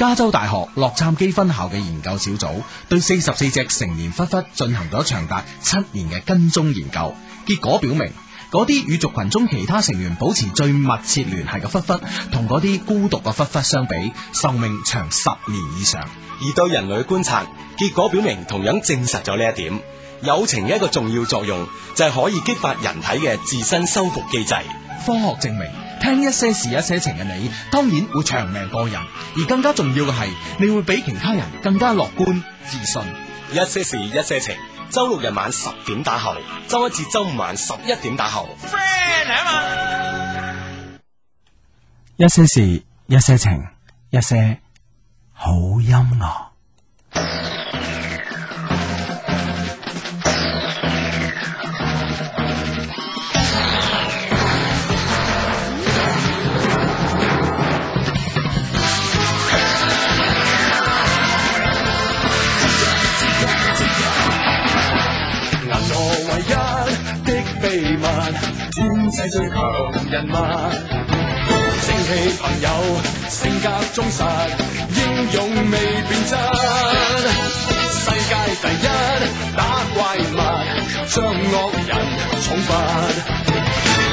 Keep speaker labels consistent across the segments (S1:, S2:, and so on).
S1: 加州大學洛杉磯分校嘅研究小組對四十四隻成年狒狒進行咗長達七年嘅跟蹤研究，結果表明，嗰啲與族群中其他成員保持最密切聯繫嘅狒狒，同嗰啲孤獨嘅狒狒相比，壽命長十年以上。而對人類觀察，結果表明，同樣證實咗呢一點。友情嘅一個重要作用就係可以激發人體嘅自身修復機制。科學證明，聽一些事一些情嘅你，當然會長命過人，而更加重要嘅係，你會比其他人更加樂觀自信。一些事一些情，周六日晚十點打後，周一至周五晚十一點打後。啊一些事一些情，一些
S2: 好音樂啊。世最強人物，正氣朋友，性格忠實，英勇未變質。世界第一打
S1: 怪物，將惡人重罰。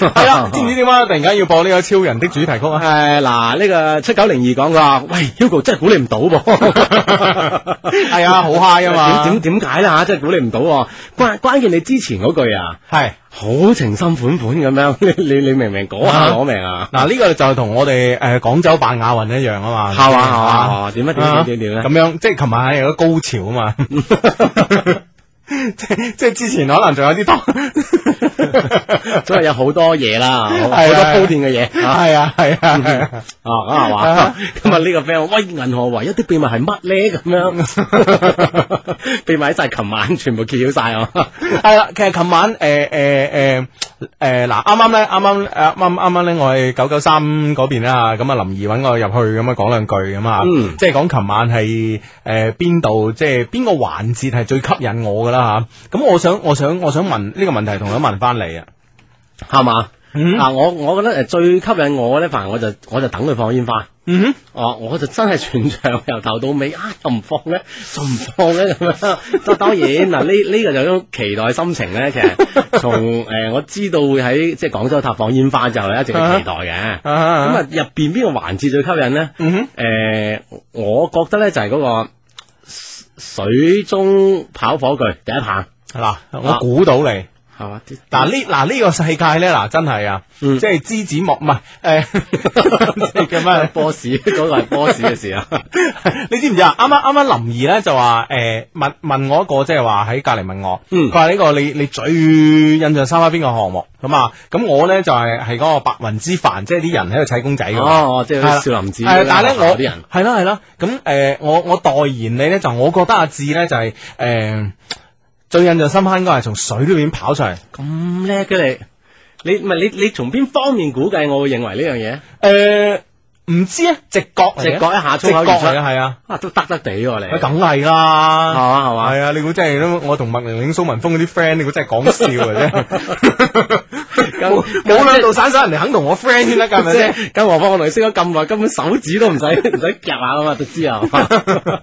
S1: 係啦，知唔知點解突然間要播呢個超人的主題曲啊？誒，嗱，呢個七九零二講嘅，喂，Hugo，真係估你唔到噃，係 啊、 哎，好嗨啊嘛，點點點解咧吓？真係估你唔到關，關關鍵你之前嗰句啊，係好情深款款咁樣， 你你你明明講我命啊，嗱，呢個就係同我哋誒廣州辦亞運一樣啊嘛，吓、嗯、點 啊點點點咧，咁樣即係琴晚係有個高潮啊嘛。 即即係之前可能仲有啲多， 有多，都係有好多嘢啦。好多鋪墊嘅嘢，係啊係啊，啊係嘛？話今日呢個 friend 喂，銀行唯一啲秘密係乜咧？咁樣秘密喺晒，琴晚全部揭曉晒。係雷啦，其實琴晚誒誒誒誒嗱，啱啱咧，啱啱誒，啱啱啱咧，我係九九三嗰邊啦，咁啊林怡揾我入去咁啊講兩句咁啊，即係講琴晚係誒邊度，即係邊個環節係最吸引我噶。 雷雷雷啊吓，咁、啊、我想我想我想問呢、這個問題同問，同你問翻你啊，係嘛？嗱，我我覺得誒最吸引我咧，反正我就我就等佢放煙花，嗯哼，哦，我就真係全場由頭到尾啊，又唔放咧，仲唔放咧咁
S2: 樣？當然嗱，呢
S1: 呢、 這個就一種期待心情咧。其實從誒、呃、我知道會喺即係廣州塔放煙花之後，一直期待嘅。咁啊，入邊邊個環節最吸引咧？哼、啊、誒、啊啊啊，我覺得咧就係、是、嗰、那個。就是那個水中跑火炬第一棒，係嗱、啊、我估到你。啊係嘛？嗱呢嗱呢個世界咧，嗱真係啊，嗯、即係知子莫唔係誒，叫咩？boss 嗰個係 boss 嘅事啊！哎、 你知唔知啊？啱啱啱啱林兒咧就話誒、呃、問問我一個即係話喺隔籬問我，佢話呢個你你最印象深刻邊個項目咁啊？咁我咧就係係嗰個白雲之帆，即係啲人喺度砌公仔噶嘛，即係、啊哦就是、少林寺。係但係咧我係啦係啦，咁誒我我代言你咧就我覺得阿志咧就係誒。最印象深刻應該係從水裏面跑出嚟，咁叻嘅你，你唔係你你從邊方面估計？我會認為呢樣嘢，誒唔知咧，直覺，直覺一下，粗口，直覺係啊，都得得地喎你，梗係啦，係嘛係嘛，係啊！你估真係我同麥玲玲、蘇文峰嗰啲 friend，你估真係講笑嘅啫。
S2: 冇兩度散
S1: 手，人哋肯同我 friend 先得。係咪先？更何況我同你識咗咁耐，根本手指都唔使唔使夾下啊嘛，就知啊，係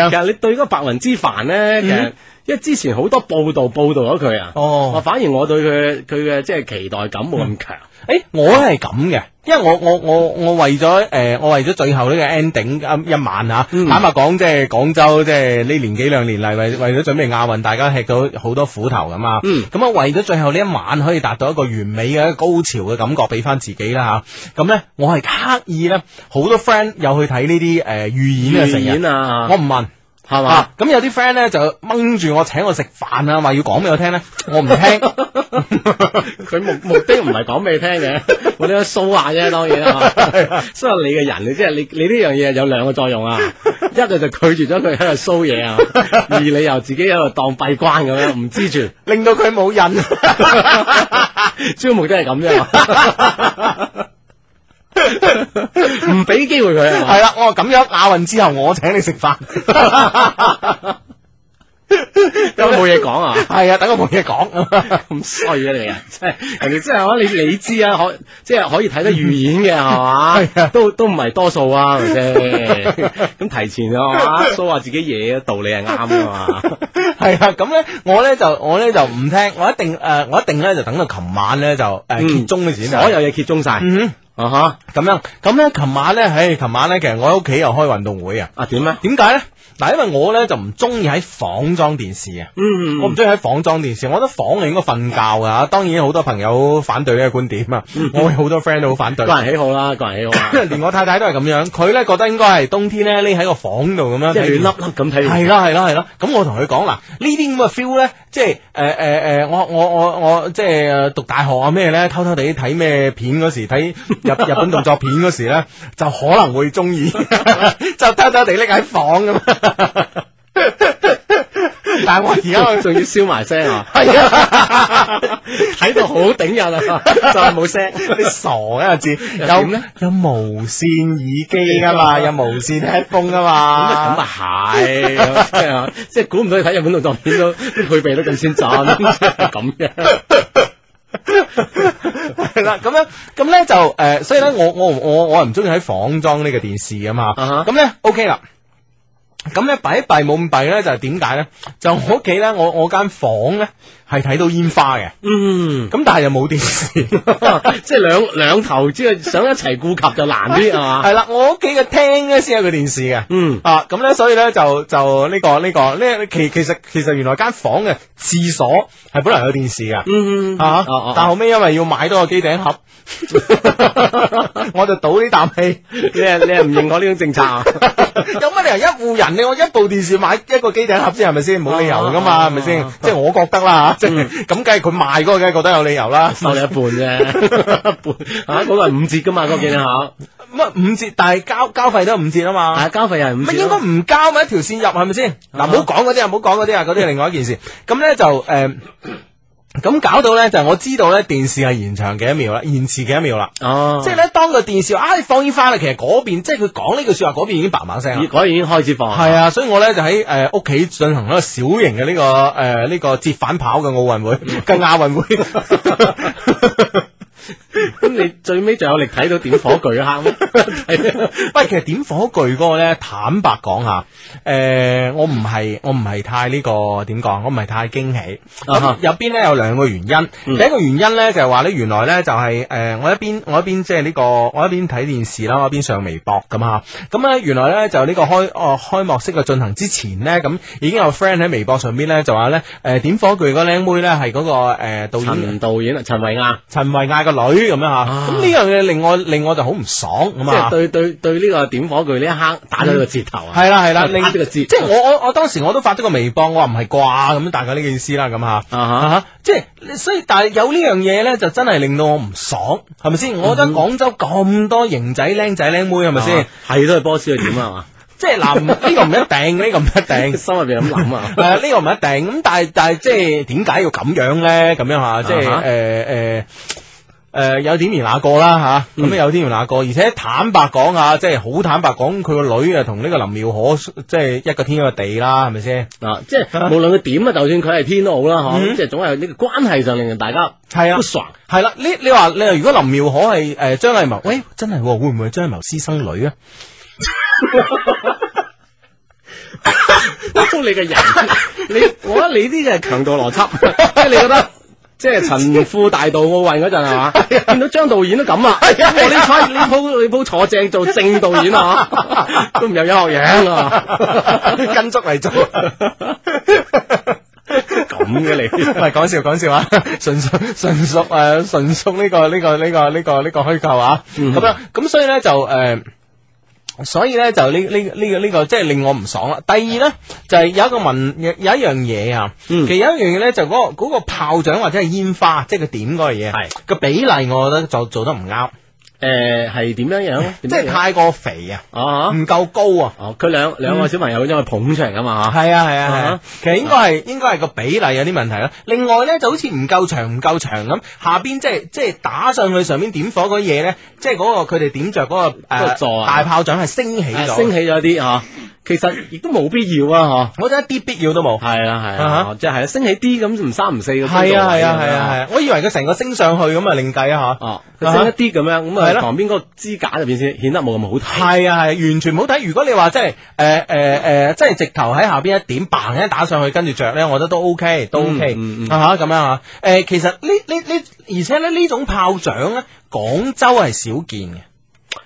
S1: 啊。其實你對嗰個白雲之凡咧，其實。因為之前好多報道報道咗佢啊，我、oh. 反而我對佢佢嘅即係期待感冇咁強。誒、嗯、欸、我係咁嘅，因為我我我我為咗誒，我為咗、呃、最後呢個 ending 一晚吓，啊嗯、坦白講即係廣州即係呢年幾兩年嚟，為為咗準備亞運，大家吃咗好多苦頭咁啊。嗯，咁啊為咗最後呢一晚可以達到一個完美嘅高潮嘅感覺，俾翻自己啦吓。咁、啊、咧我係刻意咧，好多 friend 又去睇呢啲誒預演啊，成演啊我唔問。係嘛？咁有啲 friend 咧就掹住我請我食飯啊，話要講俾我聽咧，我唔聽。佢目目的唔係講俾你聽嘅，我哋都騷下啫，當然。 的所以你嘅人，你即係你你呢樣嘢有兩個作用啊，一個就拒絕咗佢喺度騷嘢啊， 二你又自己喺度當閉關咁樣，唔知住，令到佢冇癮。 主要目的係咁啫。 唔俾機會佢係啦，我話咁樣亞運之後，我請你食飯，有冇嘢講啊？係啊， 等我冇嘢講，咁衰啊！你真係，人哋真係，我你你知啊，可即係可以睇得預演嘅係嘛？係 啊，都都唔係多數啊，係咪先？咁提前啊嘛，所以話自己嘢道理係啱啊嘛，係 啊。咁咧，我咧就我咧就唔聽，我一定誒、呃，我一定咧就、呃、等到琴晚咧就誒揭盅嗰時，所有嘢揭盅晒。 啊吓，uh huh，咁樣，咁咧，琴晚咧，唉，琴晚咧，其實我喺屋企又開運動會啊，啊，點咧？點解咧？嗱，但因為我咧就唔中意喺房裝電視啊，
S2: 嗯、我唔
S1: 中意喺房裝電視，我覺得房係應該瞓覺噶。當然，好多朋友反對呢個觀點啊，嗯、我哋好多 friend 都好反對。個人喜好啦，個人喜好。 連我太太都係咁樣，佢咧覺得應該係冬天咧，匿喺個房度咁樣，亂粒粒咁睇。係咯係咯係咯。咁、呃、我同佢講嗱，呢啲咁嘅 feel 咧，即係誒誒誒，我我我我即係讀大學啊咩咧，偷偷地睇咩片嗰時，睇日日本動作片嗰時咧， 就可能會中意， 就偷偷地匿喺房咁。 但係我而家仲要燒埋聲啊！係啊，睇到好頂人啊！就係冇聲，你傻啊，個字。有咩？有無線耳機噶嘛？有無線 headphone 噶嘛？咁 啊咁係，即係估唔到你睇日本動作片都都配備得咁先進，咁樣係啦。咁樣咁咧就誒、呃，所以咧我我我我唔中意喺房裝呢個電視噶嘛。咁咧、uh huh. OK 啦。咁咧弊一弊冇咁弊咧，呢 就係點解咧？就我屋企咧，我我間房咧。係睇到煙花嘅，嗯，咁但係又冇電視，即係兩兩頭即係想一齊顧及就難啲係嘛？係啦，我屋企嘅廳咧先有個電視嘅，嗯，啊，咁咧所以咧就就呢個呢個呢其其實其實原來間房嘅廁所係本來有電視嘅，嗯啊，但後尾因為要買多個機頂盒，我就倒呢啖氣，你你唔認我呢種政策啊？有乜理由一戶人你我一部電視買一個機頂盒先係咪先？冇理由噶嘛，係咪先？即係我覺得啦。即係咁，梗係佢賣嗰個梗係覺得有理由啦，收你一半啫，一半吓嗰個係五折噶嘛，嗰個幾吓乜五折？但係交交費都係五折啊嘛，但係、啊、交費又五折，乜應該唔交咪 一條綫入係咪先？嗱，唔好講嗰啲啊，唔好講嗰啲啊，嗰啲 係另外一件事。咁咧就誒。呃咁搞到咧，就係我知道咧，電視係延長幾多秒啦，延遲幾多秒啦。哦、啊，即係咧，當個電視啊你放煙花啦，其實嗰邊即係佢講呢句說話，嗰邊已經嘭嘭聲啦，嗰邊已經開始放啦。係啊，所以我咧就喺誒屋企進行一個小型嘅呢、這個誒呢、呃這個折返跑嘅奧運會嘅亞運會。咁你最尾就有力睇到點火炬啊？咩？不其實點火炬嗰個咧，坦白講吓，誒、呃，我唔係我唔係太呢個點講，我唔係太驚、這個、喜。咁入邊咧有兩個原因，嗯、第一個原因咧就係話咧，原來咧就係、是、誒、呃，我一邊我一邊即係呢個我一邊睇電視啦，我一邊、這個、上微博咁啊。咁、嗯、咧原來咧就呢個開哦、呃、開幕式嘅進行之前咧，咁已經有個 friend 喺微博上邊咧就話咧，誒、呃，點火炬嗰靚妹咧係嗰個誒、呃、導演陳導演陳維亞，陳維亞個。女咁樣吓，咁呢樣嘢令我令我就好唔爽，咁啊，即係對對對呢個點火炬呢一刻打咗呢個字頭，係啦係啦，打呢個字，即係我我我當時我都發咗個微博，我話唔係啩，咁大概呢個意思啦，咁吓，即係所以，但係有呢樣嘢咧，就真係令到我唔爽，係咪先？我覺得廣州咁多型仔、靚仔、靚妹，係咪先？係都係波斯嘅點啊嘛，
S2: 即係嗱，呢個唔一
S1: 定，呢個唔一定，心入邊咁諗啊。呢個唔一定，咁但係但係即係點解要咁樣咧？咁樣吓，即係誒誒。誒，呃、有點而那個啦吓，咁、啊、樣有天而那個，而且坦白講啊，即係好坦白講，佢個女啊同呢個林妙可，即係一個天一個地啦，係咪先啊？即係無論佢點啊，就算佢係天都好啦，吓、啊，嗯、即係總係呢個關係就令人大家係啊，係啦了、啊，你你話你如果林妙可係誒張藝謀，喂、呃欸，真係、哦、會唔會張藝謀私生女啊？我捉 你個人，你我覺得你啲嘅強度邏輯，即係你覺得。即係陳富大道奧運嗰陣係嘛？見到張導演都咁啊！哇，你坐你鋪你鋪坐正做正導演啊！都唔有你學嘢，跟足嚟做咁嘅你，唔係講笑講笑啊！純屬純屬誒，純屬呢個呢個呢個呢個呢個虛構啊！咁樣咁所以咧就誒。所以咧就呢呢呢個呢個即係令我唔爽啦。第二咧就係有一個問有，有一樣嘢啊，嗯，其實有一樣嘢咧就嗰個嗰個炮仗或者係煙花，即係佢點嗰個嘢，係個比例我覺得就做得唔啱。.誒，係點、呃、樣、欸、樣咧？即係太過肥啊，唔夠、啊、高啊！哦、啊，佢兩兩個小朋友將佢、嗯、捧出嚟噶嘛？吓，係啊，係啊，係、啊。其實應該係、啊、應該係個比例有、啊、啲問題啦、啊。另外咧，就好似唔夠長唔夠長咁，下邊即係即係打上去上面點火嗰嘢咧，即係嗰個佢哋點着嗰、嗰個座誒、呃、大炮仗係升起咗、啊啊，升起咗啲吓。啊。其實亦都冇必要啊，吓！我覺得一啲必要都冇。係啊係即係升起啲咁唔三唔四嘅。係啊係啊係啊係！我以為佢成個升上去咁啊，另計啊吓。升一啲咁樣，咁啊旁邊嗰個支架入邊先顯得冇咁好睇。係啊係、啊，完全冇睇。如果你話即係誒誒誒，即、呃、係、呃呃就是、直頭喺下邊一點，嘭一打上去跟住着咧，我覺得都 OK，都 OK、嗯嗯、啊吓咁樣吓。誒、啊呃，其實呢呢、呃、呢，而且咧呢種炮仗咧，廣州係少見嘅，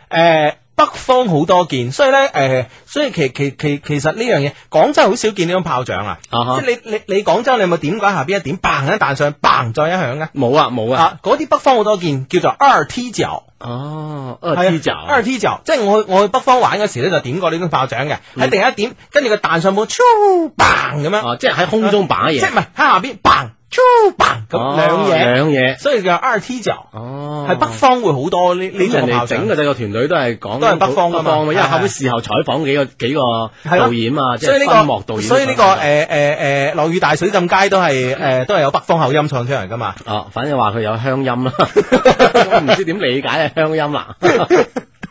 S1: 誒。北方好多件，所以咧，誒、呃，所以其其其其實呢樣嘢，廣州好少見呢種炮仗啊！Uh huh. 即係你你你廣州你有冇點過下邊一點 b 一彈上去，a 再一響啊？冇啊冇啊！嗰啲、啊、北方好多件，叫做 RT 炸哦，RT
S2: 炸
S1: ，RT 炸，即係我我去北方玩嗰時咧，就點過呢種炮仗嘅，喺、uh huh. 第一點，跟住個彈上半，超 bang 樣，uh, 即係喺空中 b a 嘢，即係唔係喺下邊 b 朱白咁兩嘢，所以叫 R T Joe 哦，係北方會好多，呢呢啲人哋整嘅整個團隊都係講都係北方噶嘛，因為後尾事後採訪幾個幾個導演啊，即係翻幕導演，所以呢個誒誒誒落雨大水浸街都係誒都係有北方口音唱出嚟噶嘛。哦，反正話佢有鄉音啦，我唔知點理解嘅鄉音啦。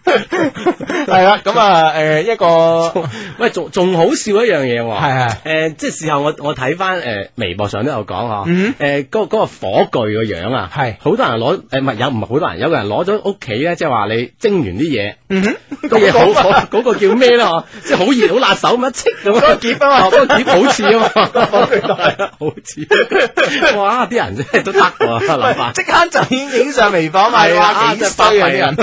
S1: 係啦，咁啊，誒，一個喂，仲仲好笑一樣嘢，係係，誒，即係事後我我睇翻誒微博上都有講啊，誒，嗰嗰個火炬個樣啊，係，好多人攞，誒，唔係有唔係好多人，有個人攞咗屋企咧，即係話你蒸完啲嘢，
S2: 嗯哼，個嘢好，
S1: 嗰個叫咩咧，即係好熱好辣手咁一戚咁個碟啊嘛，個碟好似啊嘛，係
S2: 啊，好似，哇，啲人真係都得啊，諗
S1: 翻，即刻就影上微博咪話幾衰人。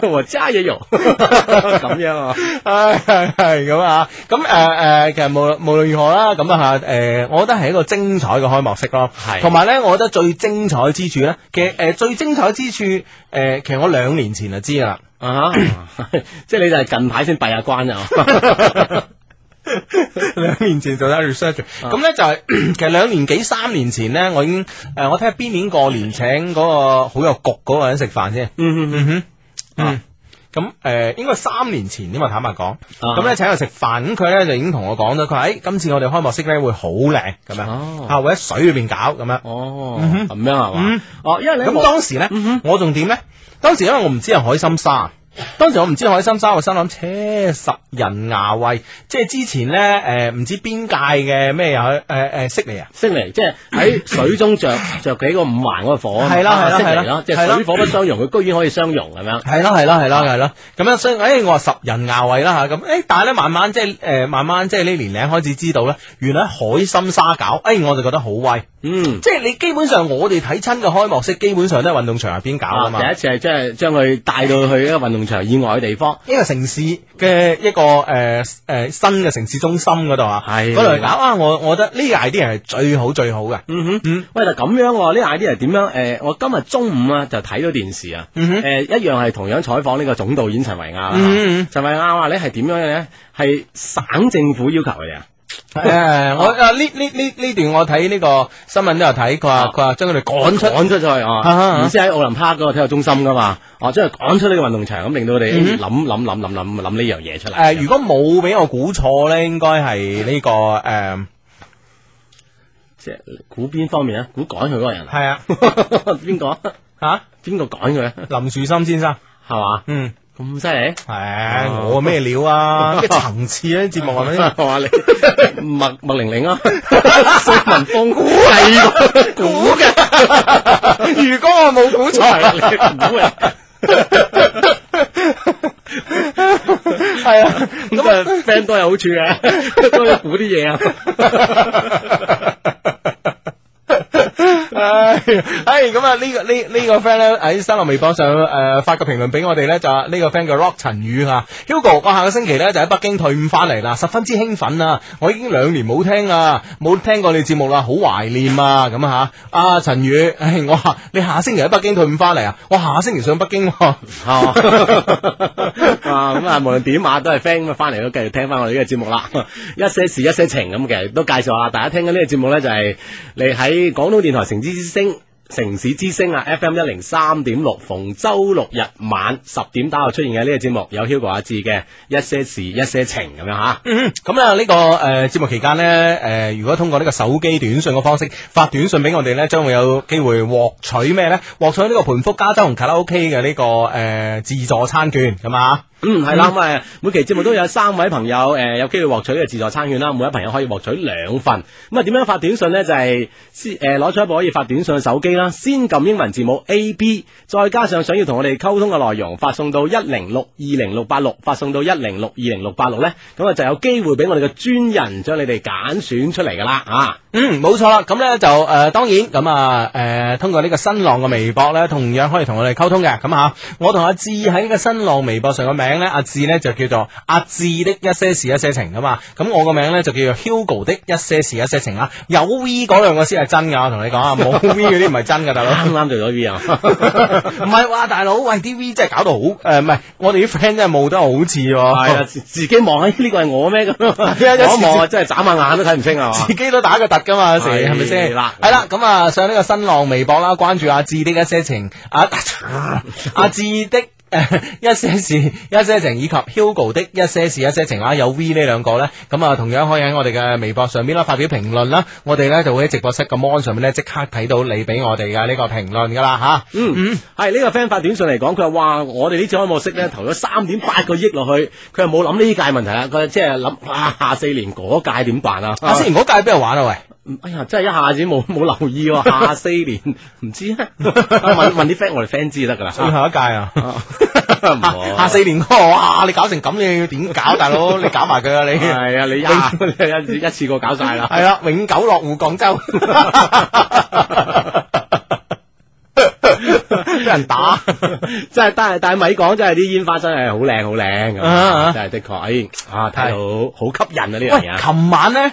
S2: 和揸嘢用咁樣
S1: 啊，係係咁啊，咁誒誒，其實無無論如何啦，咁啊，誒、呃，我覺得係一個精彩嘅開幕式咯，係，同埋咧，我覺得最精彩之處咧，其實誒、呃、最精彩之處，誒、呃，其實我兩年前就知㗎啦，啊， 即係你就係近排先閉下關啊。 兩 年前做咗 research，咁咧就係、是、其實兩年幾三年前咧，我已經誒、呃，我睇邊年過年請嗰個好有局嗰個人食飯先嗯。嗯哼，咁、嗯、誒、啊嗯，應該三年前啲嘛，坦白講，咁咧、啊嗯、請佢食飯，咁佢咧就已經同我講咗，佢喺、欸、今次我哋開幕式咧會好靚咁樣，哦、啊，或喺水裏邊搞咁樣，哦、嗯哼，咁樣係嘛？哦、嗯，啊、因為你咁當時咧、嗯哼，我仲點咧？當時因為我唔知係海心沙。當時我唔知海心沙，我心諗，誒，拾人牙慧，即係之前咧，誒，唔知邊界嘅咩又去，誒，誒，悉尼啊，悉尼，即係喺水中着着幾個五環嗰個火，係啦係啦係啦，即係水火不相容，佢居然可以相容咁樣，係啦係啦係啦係啦，咁樣，所以，誒，我話拾人牙慧啦吓，咁，誒，但係咧慢慢即係，誒，慢慢即係呢年齡開始知道咧，原來海心沙搞，誒，我就覺得好威，嗯，即係你基本上我哋睇親嘅開幕式，基本上都喺運動場入邊搞啊嘛，第一次係即係將佢帶到去一個運動。場以外嘅地方，一個城市嘅一個誒誒、呃、新嘅城市中心嗰度啊，嗰度搞啊，我我覺得呢個 idea 係最好最好嘅，嗯哼，喂，就咁樣，哦呢個、樣，呢個 idea 係點樣？誒，我今日中午啊就睇咗電視啊，誒、嗯哼呃，一樣係同樣採訪呢個總導演陳維亞，陳維亞話咧係點樣嘅咧？係省政府要求嘅嘢。誒、 啊，我啊呢呢呢呢段我睇呢個新聞都有睇，佢話佢話將佢哋趕出趕、啊、出咗去，唔知喺奧林匹克嗰個體育中心噶嘛？哦、啊，即係趕出呢個運動場，咁令到佢哋諗諗諗諗諗諗呢樣嘢出嚟。誒、啊，吧如果冇俾我估錯咧，應該係呢個誒，即係估邊方面咧？估趕佢嗰個人係是啊？邊 個 他啊？吓？ 邊個趕佢咧？林樹森先生係嘛？ 嗯。咁犀利？係我咩料啊？啲層次啊，啲節目係咪？ 麥
S2: 麥玲玲啊，蘇 文峰係估嘅。 古的 如果我冇估錯，係估嘅。係啊，
S1: 咁啊，friend 多有好處嘅，多啲估啲嘢啊。 誒，咁啊、哎，哎這個這個、呢個呢呢個 friend 咧喺新浪微博上誒、呃、發個評論俾我哋咧，就話、是、呢個 friend 叫 Rock 陳宇吓，Hugo，我下個星期咧就喺北京退伍翻嚟啦，十分之興奮啊！我已經兩年冇聽啊，冇聽過你節目啦，好懷念啊！咁吓，啊陳宇，誒、哎，我下你下星期喺北京退伍翻嚟啊！我下星期上北京，啊，
S2: 咁
S1: 啊，無論點啊，都係 friend 咁啊，翻嚟都繼續聽翻我哋呢個節目啦，一些事一些情咁，其實都介紹下大家聽緊呢個節目咧，就係你喺廣東電台城之星城市之星啊 ，FM 一零三點六，逢周六日晚十點打落出現嘅呢個節目，有 Hugo 阿志嘅一些事一些情咁樣吓。咁啊呢個誒、呃、節目期間呢，誒、呃、如果通過呢個手機短信嘅方式發短信俾我哋呢，將會有機會獲取咩呢？獲取呢個盤福加州同卡拉 OK 嘅呢個誒、呃、自助餐券，咁啊。嗯，係啦，咁、嗯、啊，嗯、每期節目都有三位朋友誒、呃，有機會獲取嘅自助餐券啦。每位朋友可以獲取兩份。咁啊，點樣發短信咧？就係、是、先誒，攞、呃、咗一部可以發短信嘅手機啦，先撳英文字母 A B，再加上想要同我哋溝通嘅內容，發送到一零六二零六八六，發送到一零六二零六八六咧，咁啊就有機會俾我哋嘅專人將你哋揀選出嚟噶啦。啊，嗯，冇錯啦。咁咧就誒、呃，當然咁啊，誒、呃，通過呢個新浪嘅微博咧，同樣可以同我哋溝通嘅。咁吓、啊、我同阿志喺呢個新浪微博上嘅名。名咧，阿志呢，就是、叫做阿志的一些事一些情啊嘛，咁我個名咧就叫做 Hugo 的一些事一些情啊，有 V 嗰兩個先係真噶，我同你講啊冇 V 嗰啲唔係真噶，大佬啱啱做咗 V 啊，唔係哇，大佬喂，啲 V 真係搞到好誒，唔係我哋啲 friend 真係冇得好似係，自己望喺呢個係我咩咁，我 一望啊真係眨下眼都睇唔清啊， 自己都打個突噶嘛，有時係咪先？係、嗯、啦，咁啊上呢個新浪微博啦，關注阿志的一些情，呃、哈哈阿阿志的。 一些事一些情以及 Hugo 的一些事一些情啊，有 V 呢、e、兩個呢，咁啊，同樣可以喺我哋嘅微博上邊啦、啊，發表評論啦，我哋呢就會喺直播室嘅 mon 上面呢即刻睇到你俾我哋嘅呢個評論噶啦吓。嗯、啊、嗯，係呢、嗯這個 friend 發短信嚟講，佢話我哋呢次開幕式呢投咗三點八個億落去，佢又冇諗呢屆問題啦，佢即係諗啊，下四年嗰屆點辦啊？下四年嗰屆係邊個玩啊？喂？哎呀，真係一下子冇冇留意喎，下四年唔知咧，問問啲 friend，我哋 friend 知得噶啦，最後一屆啊，下四年哥，哇，你搞成咁你要點搞，大佬你搞埋佢啊你，係啊你一一次過搞晒啦。係啦，永久落戶廣州，俾人打，真係但係但係咪講真係啲煙花真係好靚好靚，真係的確，哎，太好好吸引啊，呢樣嘢啊，琴晚咧。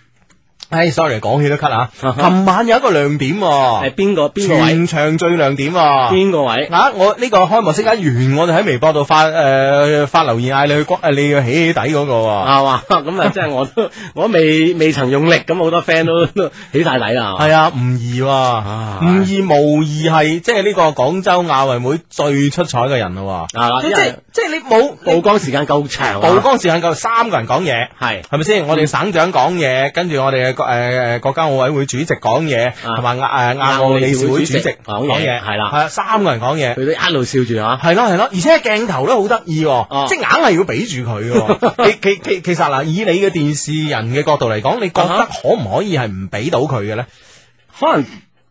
S1: 哎、sorry 講起都咳。啊！琴晚有一個亮點、啊，係邊個邊位？全場最亮點、啊，邊個位？啊，我呢個開幕式一完，我哋喺微博度發誒、呃、發留言嗌你去，誒你要起，起底嗰個，係嘛？咁啊，即係、啊啊、我都 我未未曾用力，咁好多 friend 都起晒底啦，係啊，唔易喎，唔易、啊，啊、無疑係即係呢個廣州亞運會最出彩嘅人咯、啊，係啦、啊，即係、
S2: 為即係即係你冇曝
S1: 光時間夠長、啊，曝光時間夠三個人講嘢，係係咪先？嗯、我哋省長講嘢，跟住我哋嘅。誒誒，國家奧委會主席講嘢，同埋亞誒亞奧理事會主席講嘢，係啦，係啊，三個人講嘢，佢都一路笑住啊，係咯係咯，而且鏡頭咧好得意，即係硬係要俾住佢。其其其其實嗱，以你嘅電視人嘅角度嚟講，你覺得可唔可以係唔俾到佢嘅咧？可能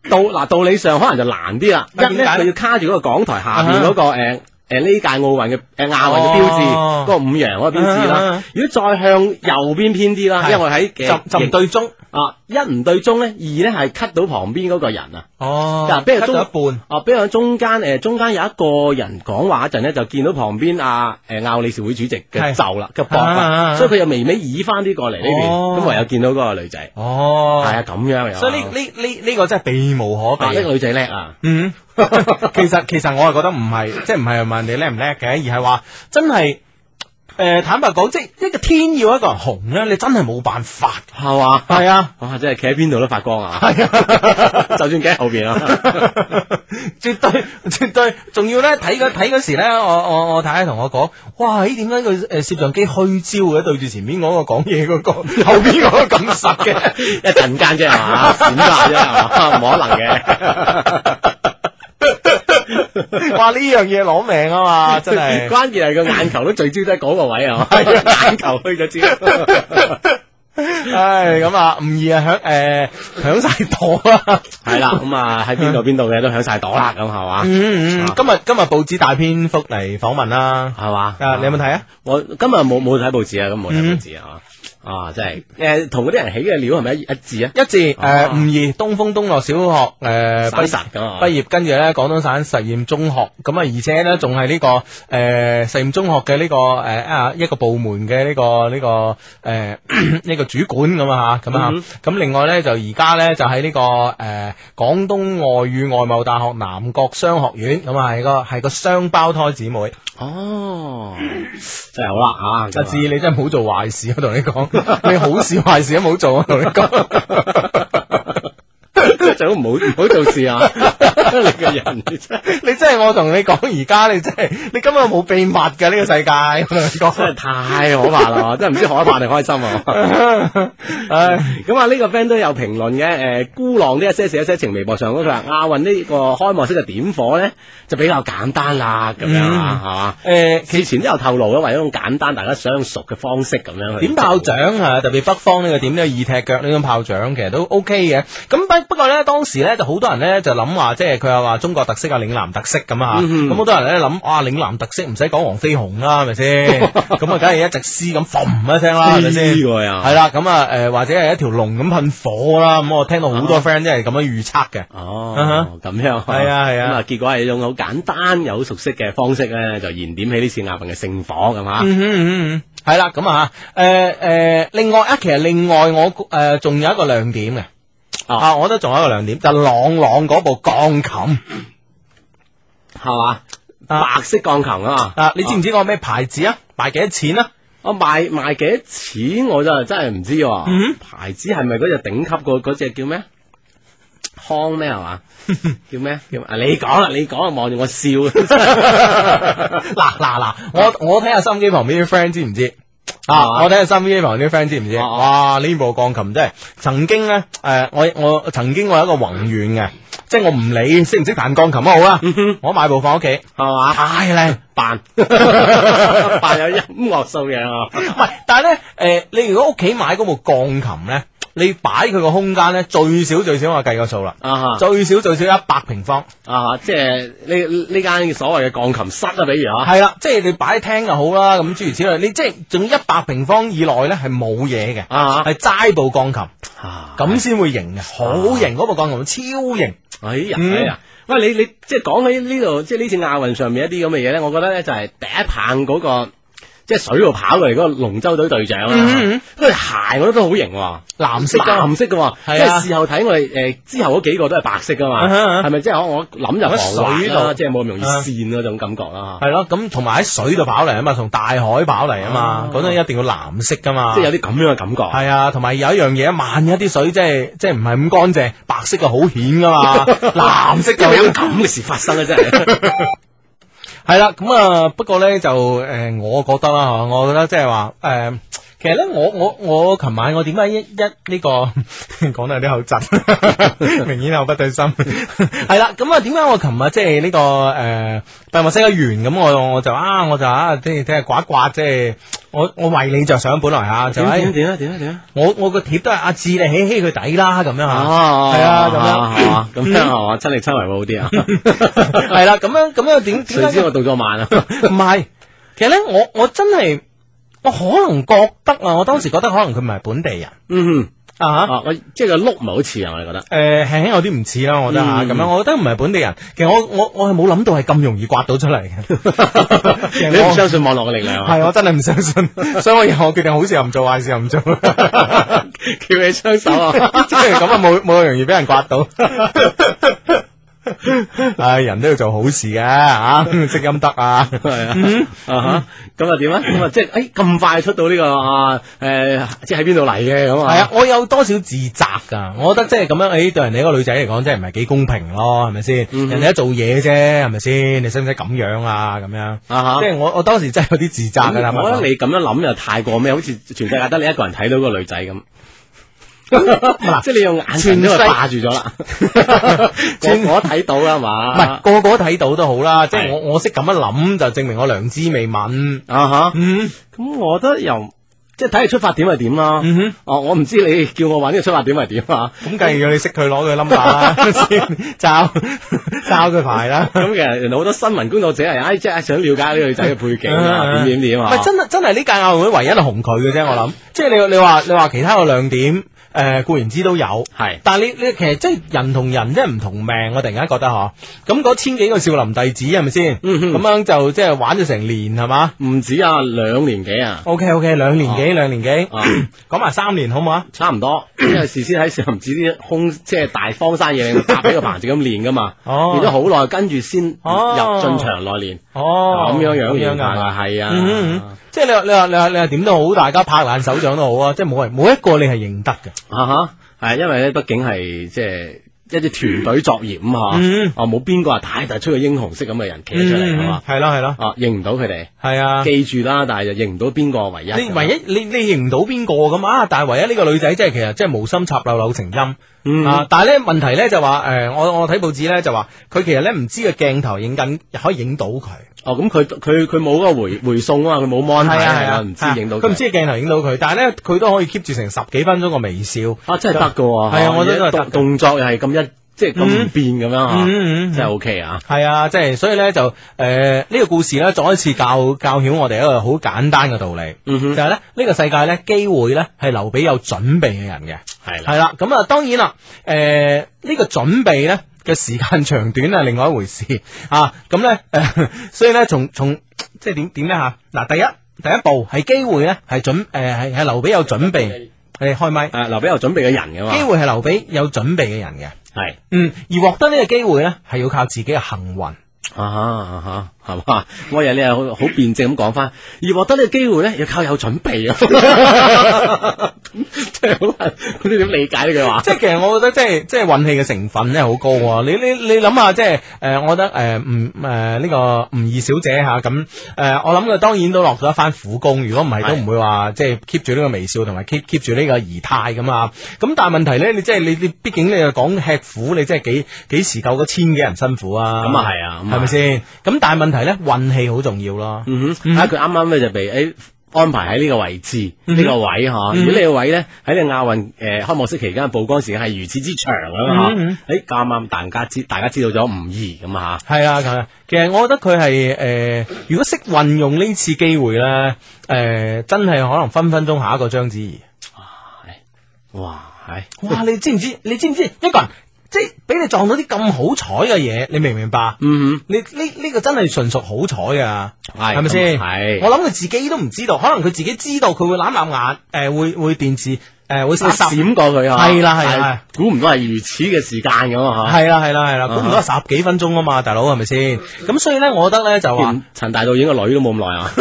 S1: 道嗱道理上可能就難啲啦，一咧就要卡住嗰個講台下面嗰個誒。誒，呢屆奧運嘅誒亞運嘅標誌，嗰個五羊嗰個標誌啦。如果再向右邊偏啲啦，因為喺就就唔對中啊，一唔對中咧，二咧係 cut 到旁邊嗰個人啊。
S2: 哦。嗱，比如 cut 到一
S1: 半，哦，比如中間，誒，中間有一個人講話嗰陣咧，就見到旁邊阿誒亞奧理事會主席嘅袖啦，嘅膊。所以佢又微微移翻啲過嚟呢邊，咁唯有見到嗰個女仔。哦。係啊，咁樣啊。所以呢呢呢呢個真係避無可避。啊，呢女仔叻啊。嗯。 其實其實我係覺得唔係，即係唔係問你叻唔叻嘅，而係話真係誒、呃，坦白講，即係呢個天要一個人紅咧，你真係冇辦法係嘛，係吧啊，哇，真係企喺邊度都發光啊，係，就算企喺後邊啊 絕，絕對絕對，仲要咧睇嗰睇嗰時咧，我我我太太同我講，哇，咦，點解佢誒攝像機虛焦嘅？對住前面嗰個講嘢嗰個，後邊嗰個咁實嘅， 一陣間啫係嘛，點解啫係嘛，冇可能嘅。 話呢樣嘢攞命啊嘛，真係 關鍵係個眼球都聚焦喺嗰個位啊， 眼球
S2: 去咗知。
S1: 唉，咁啊唔易啊響誒、呃、響晒朵 啦，係啦、啊，咁啊喺邊度邊度嘅都響晒朵啦，咁係嘛。嗯吧嗯，今日今日報紙大篇幅嚟訪問啦，係嘛？你有冇睇啊？我今日冇冇睇報紙啊，咁冇睇報紙啊。啊，即係誒，同嗰啲人起嘅料係咪一一致，一致，呃、啊？一致，誒，唔易。東風東樂小學誒，畢畢業，跟住咧廣東省實驗中學，咁啊，而且咧仲係呢、這個誒、呃、實驗中學嘅呢、這個誒、呃、一個部門嘅呢、這個呢、這個誒呢、呃 這個主管咁、嗯、啊，咁啊，咁另外咧就而家咧就喺、是、呢、這個誒廣東外語外貿大學南國商學院，咁啊係、啊、個係個雙胞胎姊妹
S2: 哦、啊，真係好啦吓，阿、啊、志
S1: 啊、你真係唔好做壞事，我同你講。 你好事壞事都冇做啊，同你講。
S2: 都唔
S1: 好唔好做事啊！ 你嘅人，你真係我同你講，而家你真係你根本冇秘密嘅呢、這個世界，講 真太可怕啦！真係唔知可怕定開心啊！咁 啊， 呢個 friend 都有評論嘅，誒、呃，孤狼呢一些事、呃、一些情微博上嗰句話，亞運呢個開幕式嘅點火咧，就比較簡單啦，咁樣係嘛？誒，之、呃呃呃、前都有透露啦，因為一種簡單大家相熟嘅方式咁樣去點炮仗啊！特別北方呢個點呢、這個二踢腳呢種炮仗，其實都 OK 嘅。咁、啊、不不過咧。當時咧就好多人咧就諗話，即係佢又話中國特色，特色，嗯、哼啊，嶺南特色咁啊，咁好多人咧諗哇，嶺南特色唔使講黃飛鴻啦，係咪先？咁啊，梗係一隻獅咁，嘭一聲啦，係咪先？係、呃、啦，咁啊，誒或者係一條龍咁噴火啦，咁我聽到好多 friend 即係咁樣預測嘅。哦，咁、啊、樣。係啊係啊。咁啊，結果係用好簡單又好熟悉嘅方式咧，就燃點起呢次亞運嘅聖火，咁嘛？嗯嗯係啦，咁、嗯、啊，誒、嗯、誒、呃，另外啊，其實另外我誒仲、呃、有一個亮點嘅。啊！我覺得仲有一個亮點就係、朗朗嗰部鋼琴，係嘛？白色鋼琴啊嘛、啊！你知唔知個咩牌子啊？賣幾多錢啊？我賣賣幾多錢？我就真係唔知喎。牌子係咪嗰隻頂級嗰隻叫咩康咩係嘛？叫咩？叫啊！你講啦！你講啊！望住我笑。嗱嗱嗱！我我睇下收音機旁邊啲 friend 知唔知？啊！我睇下三 V A 旁啲 friend 知唔知？吧哇！呢部鋼琴真係，曾經咧，誒、呃，我我曾經我有一個宏願嘅，即係我唔理識唔識彈鋼琴都好啦，嗯、哼我買部放屋企，係嘛吧？太靚，扮，扮 有音樂素養啊！唔 係，但係咧，誒，你如果屋企買嗰部鋼琴咧？你擺佢個空間咧，最少最少我計個數啦，最少最少一百平方，啊，即係呢呢間所謂嘅鋼琴室啊，比如啊，係啦，即係你擺喺廳就好啦，咁諸如此類，你即係仲一百平方以內咧，係冇嘢嘅，啊，係齋部鋼琴，啊，咁先會型嘅，好、啊、型嗰部鋼琴，啊啊、超型，哎呀，嗯、哎呀喂你你即係講起呢度，即係呢次亞運上面一啲咁嘅嘢咧，我覺得咧就係第一棒嗰、嗰個。即係水度跑過嚟嗰個龍舟隊隊長啊，佢鞋我覺得都好型，藍色噶，藍色噶，即係事後睇我哋誒之後嗰幾個都係白色噶嘛，係咪？即係我我諗入水度，即係冇咁容易跣嗰種感覺啦。係咯，咁同埋喺水度跑嚟啊嘛，從大海跑嚟啊嘛，咁咧一定要藍色噶嘛，即係有啲咁樣嘅感覺。係啊，同埋有一樣嘢，萬一啲水即係即係唔係咁乾淨，白色就好顯噶嘛，藍色又有咁嘅事發生啊，真係。係啦，咁啊、嗯，不過咧就誒、呃，我覺得啦吓、啊，我覺得即係話誒。呃其實咧，我我我琴晚我點解一一呢個講得有啲口窒，明顯口不對心。係啦，咁啊，點解我琴晚即係呢個誒閉幕式一完咁，我我就啊，我就啊，即係睇下刮一刮，即係我我為你着想，本來吓就點點點咧
S2: 點
S1: 我我個貼都係阿志嚟，起起佢底啦，咁樣吓，係啊，咁樣係咁樣係嘛，親力親為會好啲啊。係啦，咁樣咁樣點點？誰知我動作慢啊？唔係，其實咧，我我真係。我可能覺得啊，我當時覺得可能佢唔係本地人。嗯哼，啊嚇，即係個碌唔係好似啊，我哋覺得。誒輕輕有啲唔似啦，我覺得嚇咁樣，我覺得唔係本地人。其實我我我係冇諗到係咁容易刮到出嚟嘅。你唔相信網絡嘅力量？係，我真係唔相信，所以我以後我決定好事又唔做，壞事又唔做。
S2: 叫你雙手啊，即係咁啊，
S1: 冇冇容易俾人刮到。係人都要做好事嘅，吓，積陰德啊，係啊，咁啊點啊？咁、 嗯、啊即係誒，咁快出到呢個誒，即係喺邊度嚟嘅咁啊？係啊，我有多少自責噶？我覺得即係咁樣誒、哎，對人哋一個女仔嚟講，即係唔係幾公平咯？係咪先？嗯、人哋一做嘢啫，係咪先？你使唔使咁樣啊？咁樣即係我我當時真係有啲自責噶啦。我覺得你咁樣諗又太過咩？好似 全世界得你一個人睇到個女仔咁。即係你用眼神都係霸住咗
S2: 啦，
S1: 我睇到啦，係嘛？唔係個個睇到都好啦，即係我我識咁樣諗，就證明我良知未泯啊吓，咁我覺得又即係睇佢出發點係點啦，哦，我唔知你叫我搵佢出發點係點啊，咁梗係要你識佢攞佢 number 啦，揸揸佢牌啦，咁其實原來好多新聞工作者係即係想了解呢個女仔嘅背景，點點點啊，唔係真係真係呢屆奧運會唯一紅佢嘅啫，我諗，即係你你話你話其他嘅亮點。誒、呃，固然之都有，係是，但係你你其實即係人同人即係唔同命，我突然間覺得嗬，咁、啊、嗰千幾個少林弟子係咪先？咁、嗯、哼樣就即係、就是、玩咗成年係嘛？唔止啊，兩年幾啊？O K O K，兩年幾兩、哦、年幾，講埋、哦、三年好唔好啊？差唔多，因為事先喺少林寺啲空，即係大荒山野嶺搭起個棚子咁練㗎嘛，哦、 啊，練咗好耐，跟住先入進場內練。啊
S2: 啊哦，咁樣樣樣嘅
S1: 係啊，嗯，即係你話你話你話你話點都好，大家拍爛手掌都好啊！即係冇人冇一個你係認得嘅啊哈，係因為咧，畢竟係即係。一啲團隊作業咁嗬，嗯、啊冇邊個啊太大出嘅英雄式咁嘅人企出嚟係嘛？係咯係咯，啊認唔到佢哋，係啊，的記住啦，但係就認唔到邊個唯一？你唯一你你認唔到邊個咁啊？但係唯一呢個女仔即係其實即係無心插柳柳成蔭。啊！但係咧、嗯啊、問題咧就話誒、呃，我我睇報紙咧就話佢其實咧唔知個鏡頭影緊又可以影到佢。哦，咁佢佢佢冇嗰個回回送啊嘛，佢冇 mon 啊，係啊，唔知影到佢，佢唔知鏡頭影到佢，但係咧佢都可以 keep 住成十幾分鐘個微笑，啊真係得噶，係啊，我覺得動動作又係咁一即係咁不變咁樣吓，真係 O K 啊，係啊，即係所以咧就誒呢個故事咧再一次教教曉我哋一個好簡單嘅道理，就係咧呢個世界咧機會咧係留俾有準備嘅人嘅，係啦，係啦，咁啊當然啦，誒呢個準備咧。嘅時間長短係另外一回事啊！咁咧，呃，所以咧，從從即係點點咧吓嗱，第一第一步係機會咧，係準誒，係係留俾有準備，係比開麥，留俾有準備嘅人嘅嘛。機會係留俾有準備嘅人嘅，係是嗯，而獲得呢個機會咧，係要靠自己嘅幸運。啊哈啊哈！係嘛？我又你又好好辯證咁講翻，而獲得個機呢個機會咧，要靠有準備啊！即係好難，你點理解呢句話？ 即係其實我覺得、就是，即係即係運氣嘅成分真好高。你你你諗下、就是，即係誒，我覺得誒吳誒呢個吳二小姐吓咁誒，我諗佢當然都落咗一番苦功。如果唔係，都唔會話即係 keep 住呢個微笑同埋 keep keep 住呢個儀態咁啊。咁但係問題咧，你即、就、係、是、你你畢竟你又講吃苦，你即係幾幾時夠嗰千幾人辛苦啊？咁啊係啊，係咪先？咁但係問。問題咧，運氣好重要咯，嗯哼，吓，佢啱啱咧就被誒安排喺呢個位置，呢個位，如果呢個位咧喺呢個亞運誒開幕式期間曝光時間係如此之長啊嘛，誒，啱啱大家知大家知道咗吳儀咁啊吓，係啊，其實我覺得佢係誒，如果識運用呢次機會咧，誒、呃、真係可能分分鐘下一個章子怡，哇，哇，哇，你知唔知，你知唔知一個人？即係俾你撞到啲咁好彩嘅嘢，你明唔明白？嗯，你呢呢個真係純屬好彩嘅，係係咪先？係，我諗佢自己都唔知道，可能佢自己知道佢會眨一眨眼，誒，會會電視，誒，會閃過佢啊，係啦係啦，估唔到係如此嘅時間咁啊吓，係啦係啦係啦，估唔到十幾分鐘啊嘛，大佬係咪先？咁所以咧，我覺得咧就話陳大導演個女都冇咁耐啊，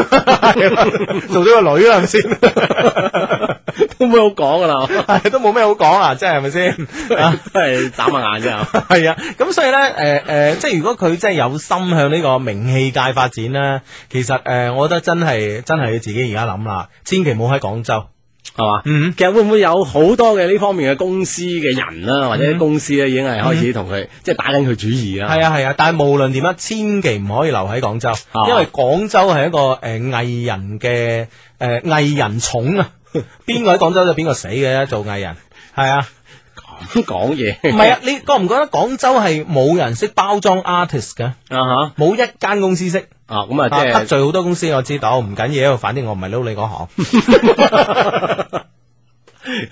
S2: 做咗個女啦，係咪先？
S1: 都冇咩好講噶啦。 都冇咩好講啊！即係係咪先都係眨下眼啫。係啊，咁所以咧，誒、呃、誒、呃，即係如果佢真係有心向呢個名氣界發展啦，其實誒、呃，我覺得真係真係要自己而家諗啦，千祈唔好喺廣州，係嘛吧。嗯，其實會唔會有好多嘅呢方面嘅公司嘅人啦、啊，或者公司咧已經係開始同佢即係打緊佢主意啦、啊。係啊係啊，但係無論點樣，千祈唔可以留喺廣州，吧因為廣州係一個誒藝、呃、人嘅誒藝人寵啊。邊個喺廣州就邊個死嘅，做藝人係啊，咁講嘢，唔係啊？你覺唔覺得廣州係冇人識包裝 artist 嘅啊吓？冇一間公司識啊，咁啊，得罪好多公司我知道，唔緊要，反正我唔係撈你嗰行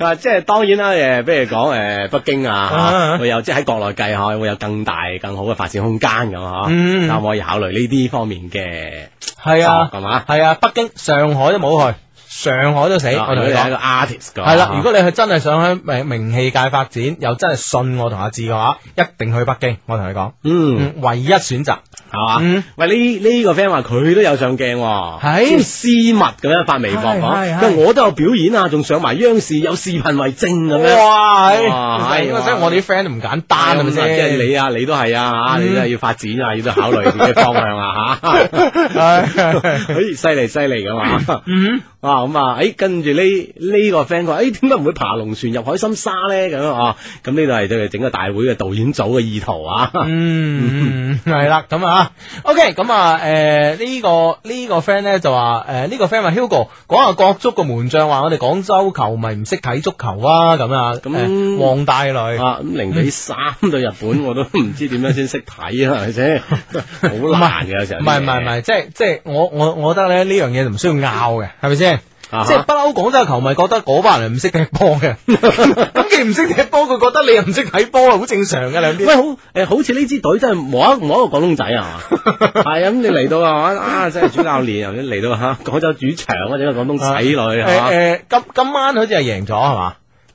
S1: 啊。即係當然啦，誒比如講誒北京啊會有，即係喺國內計下會有更大更好嘅發展空間咁，嗬，但可以考慮呢啲方面嘅。係係嘛？係啊，北京上海都冇去。上海都死，我同你講，係個 artist
S2: 㗎，係啦。如果你係
S1: 真係想喺名名氣界發展，又真係信我同阿志嘅話，一定去北京。我同你講，
S2: 嗯，
S1: 唯一選擇係嘛？喂，呢呢個 friend 話佢都有上鏡，係私密咁樣發微博講，我都有表演啊，仲上埋央視，有視頻為證咁樣。哇！所以我哋啲 friend 都唔簡單，即係你啊，你都係啊，你都係要發展啊，要考慮自己方向啊，吓。哎，犀利犀利咁啊！嗯。啊咁、嗯、啊，誒，跟住呢呢個 friend 佢，誒、這個，點解唔會爬龍船入海心沙咧？咁啊，咁呢度係對整個大、這個、會嘅導演組嘅意圖啊。嗯、這個，係啦，咁啊，OK，咁啊，誒，呢個呢個 friend 咧就話，誒，呢個 friend 話 Hugo 講下國足個門將話我哋廣州球迷唔識睇足球啊，咁啊，咁黃大女啊，咁零比三對日本我都唔知點樣先識睇啊，係咪先？好難嘅，有時候唔係唔係唔係，即係即係我我我覺得咧呢樣嘢就唔需要拗嘅，係咪先？Finnish 啊、即係不嬲，廣州嘅球迷覺得嗰班人唔識踢波嘅，咁佢唔識踢波，佢覺得你又唔識睇波，好正常嘅兩邊。好，誒、欸，好似呢支隊真係冇一冇、 啊啊、一個廣東仔啊嘛，係啊，咁你嚟到啊，啊，真係主教練嚟到嚇廣州主場啊，整個廣東仔女嚇誒，今今晚好似係贏咗係嘛？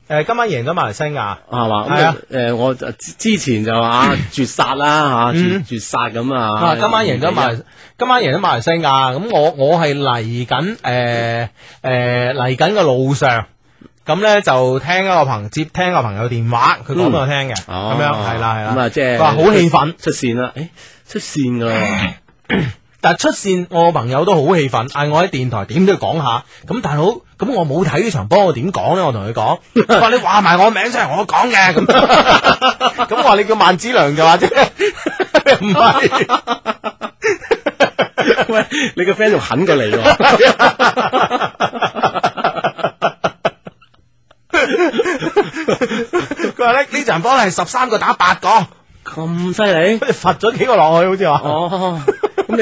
S1: 誒，今晚贏咗馬來西亞係嘛？係啊。欸、我之前就話絕殺啦、啊、嚇、 啊，絕絕，絕殺咁 啊。今晚贏咗馬來西亞。今晚贏咗馬來西亞㗎，咁、嗯、我我係嚟緊誒誒嚟緊嘅路上，咁咧就聽個朋接聽個朋友電話，佢講俾我聽嘅，咁、嗯哦、樣係啦係啦，咁啊即係佢話好氣憤、欸，出線啦，誒、嗯、出線噶，但係出線我朋友都好氣憤，嗌我喺電台點都要講下，咁但係好咁我冇睇呢場波，我點講咧？我同佢講，我話你話埋我名出嚟，我講嘅，咁咁話你叫萬子良就話啫，唔係。 喂，你個 friend 仲狠過你喎，啊！佢話咧呢場波係十三個打八個，咁犀利，好似罰咗幾個落去，好似話哦。咁、哦、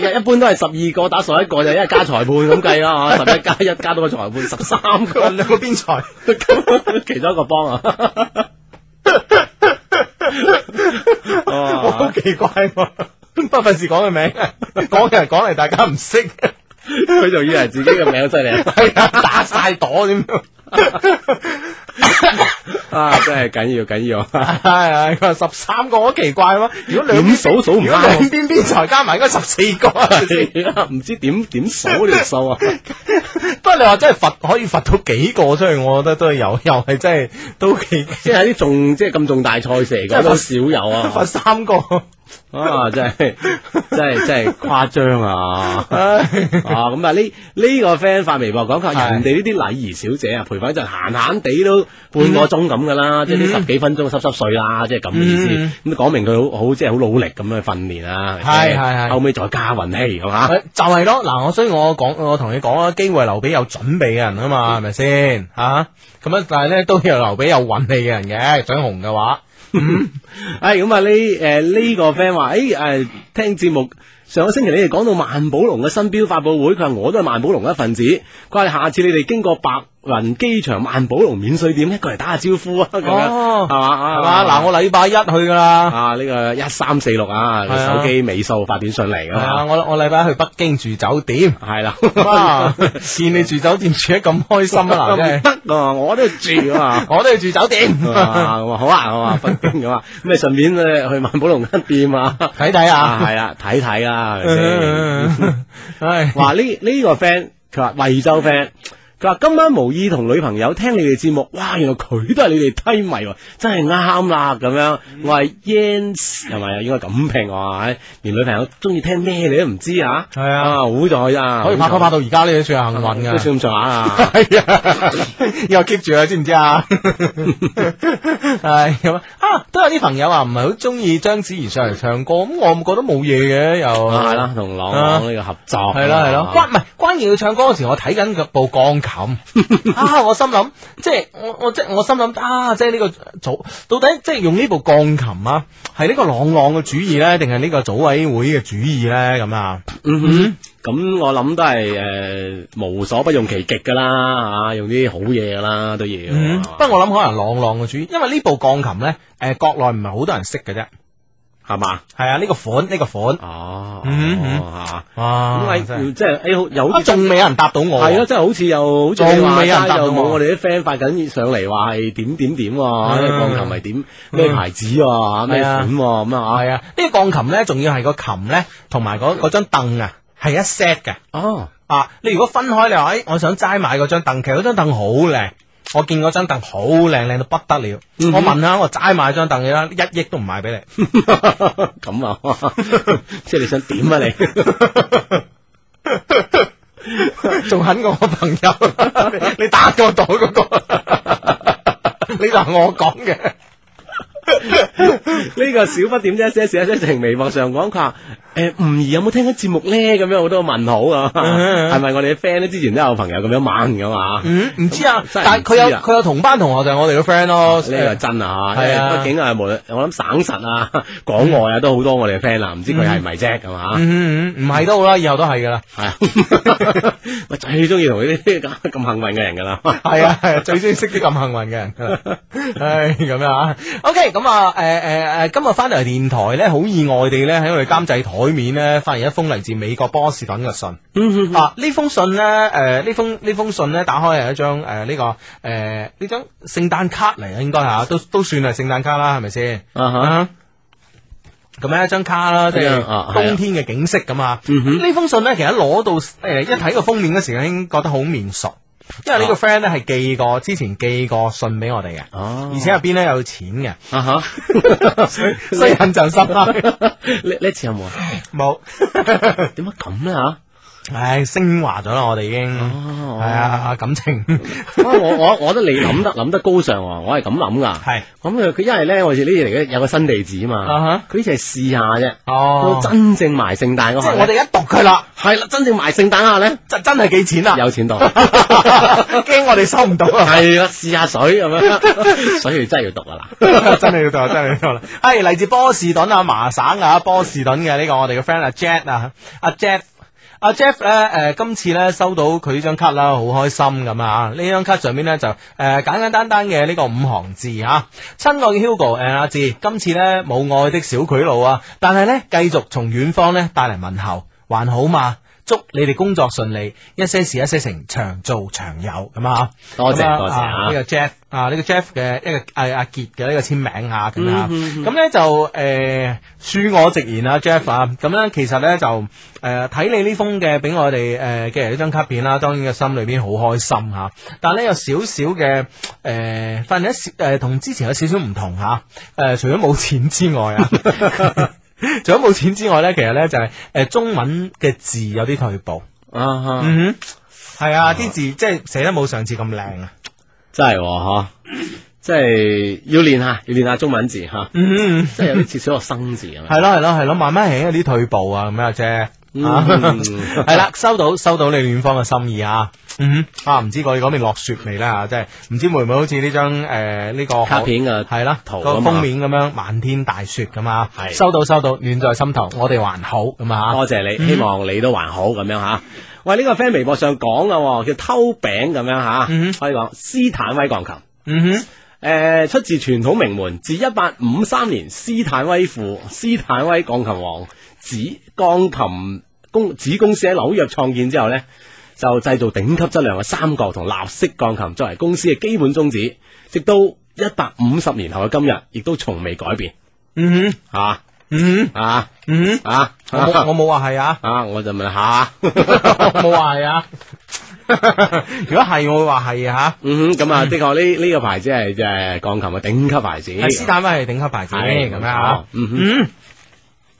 S1: 你一般都係十二個打個一 十一個就，一為加裁判咁計啦，十一加一加到個裁判十三個，兩個邊裁， 其中一個幫啊，好、 啊、奇怪嘛，啊！不費事講嘅名，講嘅人講嚟大家唔識，佢就 以為自己嘅名好犀利，係啊，打晒朵點。啊！真係緊要緊要，係佢話十三個好奇怪喎。如果你數數唔啱，邊邊才加埋應該十四個，唔知點點數你數啊！不過你話真係罰，可以罰到幾個，所以我覺得都係有，又係真係都幾，即係啲重即係咁重大賽事嚟講，都少有啊！罰三個啊，真係真係真係誇張啊！哦，咁啊呢呢個 friend 發微博講求人哋呢啲禮儀小姐啊，陪訪就閒閒地都。半個鐘咁噶啦，即係呢十幾分鐘濕濕碎啦，即係咁嘅意思。咁講明佢好好即係好努力咁去訓練啊。係係係，後尾再加運氣，係嘛？就係咯，嗱，所以我講，我同你講啊，機會留俾有準備嘅人啊嘛，係咪先？吓咁啊，但係咧都要留俾有運氣嘅人嘅，想紅嘅話。係咁啊，呢誒呢個 friend 話，誒誒，聽節目上個星期你哋講到萬寶龍嘅新標發布會，佢話我都係萬寶龍一份子，佢話下次你哋經過百。雲機場萬寶龍免稅店，一過嚟打下招呼啊，咁樣
S2: 係嘛係嘛，嗱我
S1: 禮拜一去噶啦，啊呢個一三四六啊，手機尾數發短信嚟啊，我我禮拜一去北京住酒店，係啦，見你住酒店住得咁開心啊，嗱，得我都要住啊，我都要住酒店，咁啊好啊，咁啊北京咁啊，咁啊順便去去萬寶龍間店啊睇睇啊，係啦睇睇啊，係咪先？係，話呢呢個 friend，佢話惠州 friend。佢話今晚無意同女朋友聽你哋節目，哇！原來佢都係你哋批迷，真係啱啦咁樣。我係 yes 係咪啊？應該咁平係連女朋友中意聽咩你都唔知啊？係啊，好在啊，可以拍拖拍到而家呢啲算係幸運㗎，都算唔錯啊！係啊，又 keep 住啊，知唔知啊？係 咁、 哎、啊！都有啲朋友啊，唔係好中意張子怡上嚟唱歌咁，我覺得冇嘢嘅又係啦，同、啊、朗朗呢個合作係啦係咯，關唔係？關鍵佢唱歌嗰時我睇緊部鋼冚 啊！我心諗，即係我我即係我心諗啊！即係呢、這個組到底即係用呢部鋼琴啊？係呢個朗朗嘅主意咧，定係呢個組委會嘅主意咧？咁啊，嗯哼，咁、嗯、我諗都係誒、呃、無所不用其極噶啦吓、啊，用啲好嘢噶啦都要、嗯。不過我諗可能朗朗嘅主意，因為部鋼呢部鋼琴咧，誒、呃、國內唔係好多人識嘅啫。係嘛？係啊！呢、呢個款呢、呢個款哦，哦嗯啊，咁係即係 A 好又仲未有人答到我，係咯、啊，即係好似又好似仲未就又冇我哋啲 friend 發緊上嚟話係點點點，啲、嗯、鋼琴係點咩牌子啊咩、嗯、款咁啊？係啊！呢啲、啊啊、鋼琴咧，仲要係個琴咧，同埋嗰張凳啊，係一 set 嘅哦啊！你如果分開，你話哎，我想齋買嗰張凳，其實嗰張凳好靚。我見嗰張凳好靚靚到不得了，我問下我齋買張凳啦，一億都唔賣俾你。咁啊，即係你想點啊你？仲肯過我朋友，你打過袋嗰個？你話我講嘅？呢個小不點啫，一時一時，成微博上講價。誒，吳儀有冇聽緊節目咧？咁樣好多問號啊！係咪我哋嘅 friend 咧？之前都有朋友咁樣猛噶嘛？
S2: 唔知啊，但係佢有佢
S1: 有同班同學就係我哋嘅 friend 咯。呢個真啊吓，因為畢竟無論我諗省實啊、港外啊都好多我哋嘅 friend 啊，唔知佢係咪啫？係嘛？唔係都好啦，以後都係噶啦。係我最中意同呢啲咁幸運嘅人噶啦。係啊，最中意識啲咁幸運嘅人。係，咁啊。OK，咁啊，誒誒誒，今日翻嚟電台咧，好意外地咧喺我哋監製台。海面咧，發現一封嚟自美國波士頓嘅信。 啊，呢封信咧，誒、呃，呢封呢封信咧，打開係一張誒呢、呃呢個誒呢、呃、張聖誕卡嚟啊，應該吓都都算係聖誕卡啦，係咪先？咁、uh huh. 啊、樣一張卡啦，即、啊、係冬天嘅景色咁、uh huh. 啊。呢、嗯 huh. 封信咧，其實攞到誒、呃、一睇個封面嗰時候已經覺得好面熟。因為呢個 friend 咧係寄過之前寄過信俾我哋嘅，哦、而且入邊咧有錢嘅，啊哈、所以印象深刻。呢呢次有冇？冇。點解咁咧？嚇？唉，升華咗啦！我哋已經係啊，感情。我我我覺得你諗得諗得高尚，我係咁諗噶。係咁佢因為咧，我哋呢啲嚟嘅有個新地址啊嘛。佢呢只係試下啫。哦，真正埋聖誕，即係我哋一讀佢啦。係啦，真正埋聖誕下咧，就真係幾錢啦？有錢度。驚我哋收唔到。係咯，試下水咁樣，水要真係要讀啊嗱，真係要讀，真係要讀啦。係嚟自波士頓啊，麻省啊，波士頓嘅呢個我哋嘅 friend 阿 Jack 啊，阿 Jack。阿 Jeff 咧，誒，今次咧收到佢呢張卡啦，好開心咁啊！呢張卡上面咧就誒、呃、簡簡單單嘅呢個五行字吓、啊，親愛嘅 Hugo，誒，阿志，今次咧冇愛的小佢路啊，但係咧繼續從遠方咧帶嚟問候，還好嘛。祝你哋工作順利，一些事一些情，長做長有咁啊！
S2: 多謝多謝啊，呢、啊這個
S1: Jeff 啊，呢、啊、個 Jeff 嘅一個誒阿傑嘅呢個簽名啊咁啊，咁咧、嗯嗯嗯啊、就誒恕、呃、我直言啊，Jeff 啊，咁咧、啊、其實咧就誒睇、呃、你呢封嘅俾我哋誒寄嚟呢張卡片啦、啊，當然嘅心裏邊好開心嚇、啊，但係咧有少少嘅誒發現一同之前有少少唔同嚇、啊，誒、呃、除咗冇錢之外啊。 除咗冇錢之外咧，其實咧就係、是、誒、呃、中文嘅字有啲退步，uh huh. 嗯哼，係啊，啲、嗯、字即係寫得冇上次咁靚啊，真係嗬、哦，即係要練下，要練下中文字吓，嗯，即係、uh huh. 有啲似小學生字咁，係咯係咯係咯，慢慢起，有啲退步啊咁樣啫。係啦、mm hmm. 收到收到你遠方嘅心意啊！
S2: 嗯、mm，hmm.
S1: 啊，唔知我嗰邊落雪未咧？吓，即係唔知會唔會好似呢張誒呢個卡片啊了，係啦嘛，圖個封面咁樣漫天大雪咁啊！係收到收到，暖在心頭，我哋還好咁啊！多謝你，mm hmm. 希望你都還好咁樣吓、啊。喂，呢、這個 friend 微博上講嘅叫偷餅咁樣吓，啊 mm hmm. 可以講斯坦威鋼琴。嗯哼、mm，誒、hmm. 呃，出自傳統名門，自一八五三年斯坦威父斯坦威鋼琴王子鋼琴。公子公司喺紐約創建之後呢，就製造頂級質量嘅三角同立式鋼琴，作為公司嘅基本宗旨，直到一百五十年後嘅今日，亦都從未改變。嗯哼，啊，嗯哼，啊，嗯哼，啊，我我冇話係啊，啊，我就問下，冇話係啊，如果係我會話係啊，嗯哼，咁啊，的確呢呢個牌子係即係鋼琴嘅頂級牌子，斯坦威係頂級牌子，咁樣啊，嗯哼。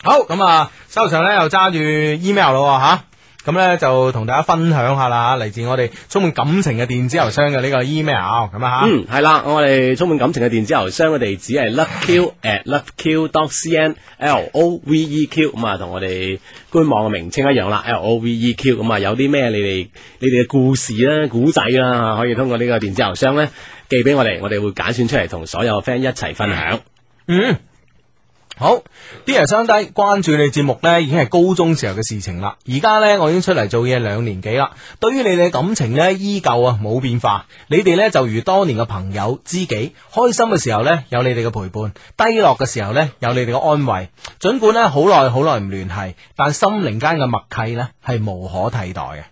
S1: 好，咁啊，收場咧又揸住 email 咯吓，咁咧就同大家分享下啦，嚟自我哋充滿感情嘅電子郵箱嘅呢個 email 咁啊，吓、嗯，嗯係啦，我哋充滿感情嘅電子郵箱嘅地址係 loveq@loveq.cn，l o v e q，咁啊同我哋官網嘅名稱一樣啦，l o v e q，咁啊有啲咩你哋你哋嘅故事啦、古仔啦，可以通過呢個電子郵箱咧寄俾我哋，我哋會揀選出嚟同所有 friend 一齊分享。嗯。嗯好，啲人相低關注你節目呢，已經係高中時候嘅事情啦。而家呢，我已經出嚟做嘢兩年幾啦。對於你哋感情呢，依舊啊冇變化。你哋呢，就如當年嘅朋友知己，開心嘅時候呢，有你哋嘅陪伴，低落嘅時候呢，有你哋嘅安慰。儘管呢，好耐好耐唔聯繫，但心靈間嘅默契呢，係無可替代嘅。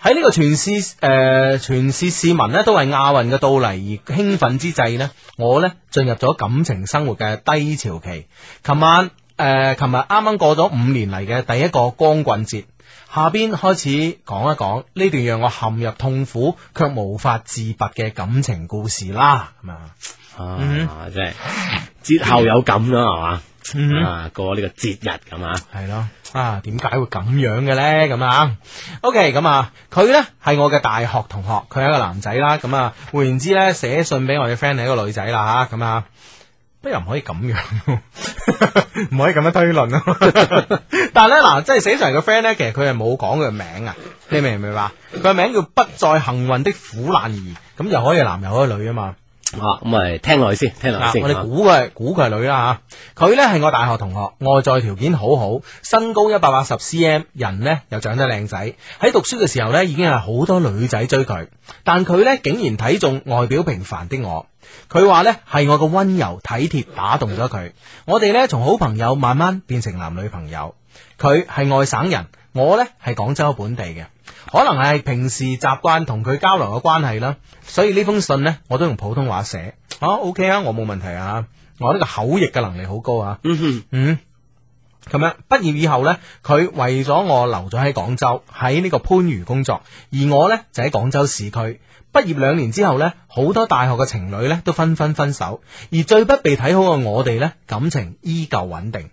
S1: 喺呢個全市誒、呃、全市市民咧都為亞運嘅到嚟而興奮之際呢，我呢進入咗感情生活嘅低潮期。琴晚誒，琴日啱啱過咗五年嚟嘅第一個光棍節，下邊開始講一講呢段讓我陷入痛苦卻無法自拔嘅感情故事啦。咁啊，啊即係節後有感啦，係嘛？Mm hmm. 啊，過呢個節日咁啊，係咯啊，點解會咁樣嘅咧？咁啊，OK，咁啊，佢咧係我嘅大學同學，佢係一個男仔啦。咁啊，換言之咧，寫信俾我嘅 friend 係一個女仔啦。吓、啊，咁啊，不如唔可以咁樣、啊，唔 可以咁樣推論啊。 但係咧，嗱，即係寫上嚟嘅 friend 咧，其實佢係冇講佢嘅名啊。你明唔明白？佢嘅 名叫不再幸運的苦難兒，咁又可以男又可以女啊嘛。啊，咁咪聽落去先，聽落去先，啊。我哋估佢，估佢係女啦吓。佢呢係我大學同學，外在條件好好，身高一百八十 cm，人呢又長得靚仔。喺讀書嘅時候呢已經係好多女仔追佢。但佢呢竟然睇中外表平凡的我。佢話呢係我嘅溫柔體貼打動咗佢。我哋呢從好朋友慢慢變成男女朋友。佢係外省人，我呢係廣州本地嘅。可能係平時習慣同佢交流嘅關係啦，所以呢封信呢，我都用普通話寫。好 OK 啊，okay，我冇問題啊。我呢個口譯嘅能力好高啊。嗯哼、mm，hmm。嗯，咁樣畢業以後呢，佢為咗我留咗喺廣州，喺呢個番禺工作，而我呢，就喺廣州市區。畢業兩年之後呢，好多大學嘅情侶呢，都紛紛分，分手，而最不被睇好嘅我哋呢，感情依舊穩定。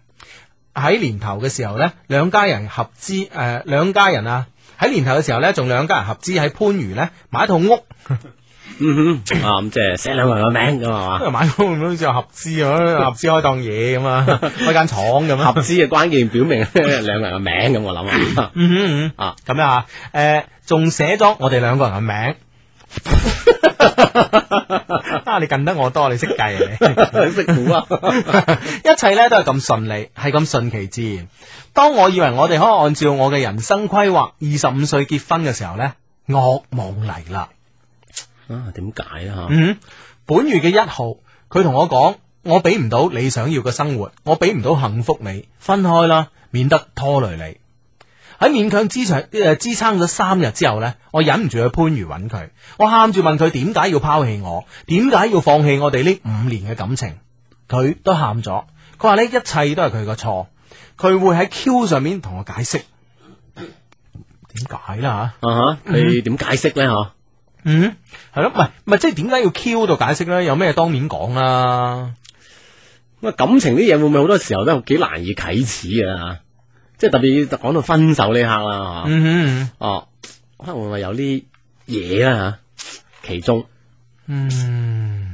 S1: 喺年頭嘅時候呢，兩家人合資誒，兩家人啊。喺年頭嘅時候咧，仲兩家人合資喺番禺咧買一套屋，嗯、哼啊咁即係寫兩個人嘅名咁係嘛，買屋好似就合資咁，合資開檔嘢咁啊，開間廠咁啊，合資嘅關鍵表明兩個人嘅名咁我諗，啊咁啊，誒仲寫咗我哋兩個人嘅名。 你近得我多，你識計，你識估啊！一切咧都係咁順利，係咁順其自然。當我以為我哋可以按照我嘅人生規劃，二十五歲結婚嘅時候惡、啊、呢，噩夢嚟啦！啊，點解啊？嗯，本月嘅一號，佢同我講，我俾唔到你想要嘅生活，我俾唔到幸福你，分開啦，免得拖累你。喺勉強支撐誒、呃、支撐咗三日之後呢，我忍唔住去番禺揾佢，我喊住問佢點解要拋棄我，點解要放棄我哋呢五年嘅感情？佢都喊咗，佢話呢一切都係佢個錯，佢會喺 Q 上面同我解釋。點解啦吓？啊你點解釋呢？吓、啊嗯？
S2: 嗯，
S1: 係咯，唔係唔係即係點解要 Q 度解釋呢？有咩當面講啦？咁感情啲嘢會唔會好多時候都幾難以啟齒啊？即係特別講到分手呢刻啦，mm
S2: hmm.
S1: 哦，可能係有啲嘢啊吓，其中
S2: ，mm
S1: hmm.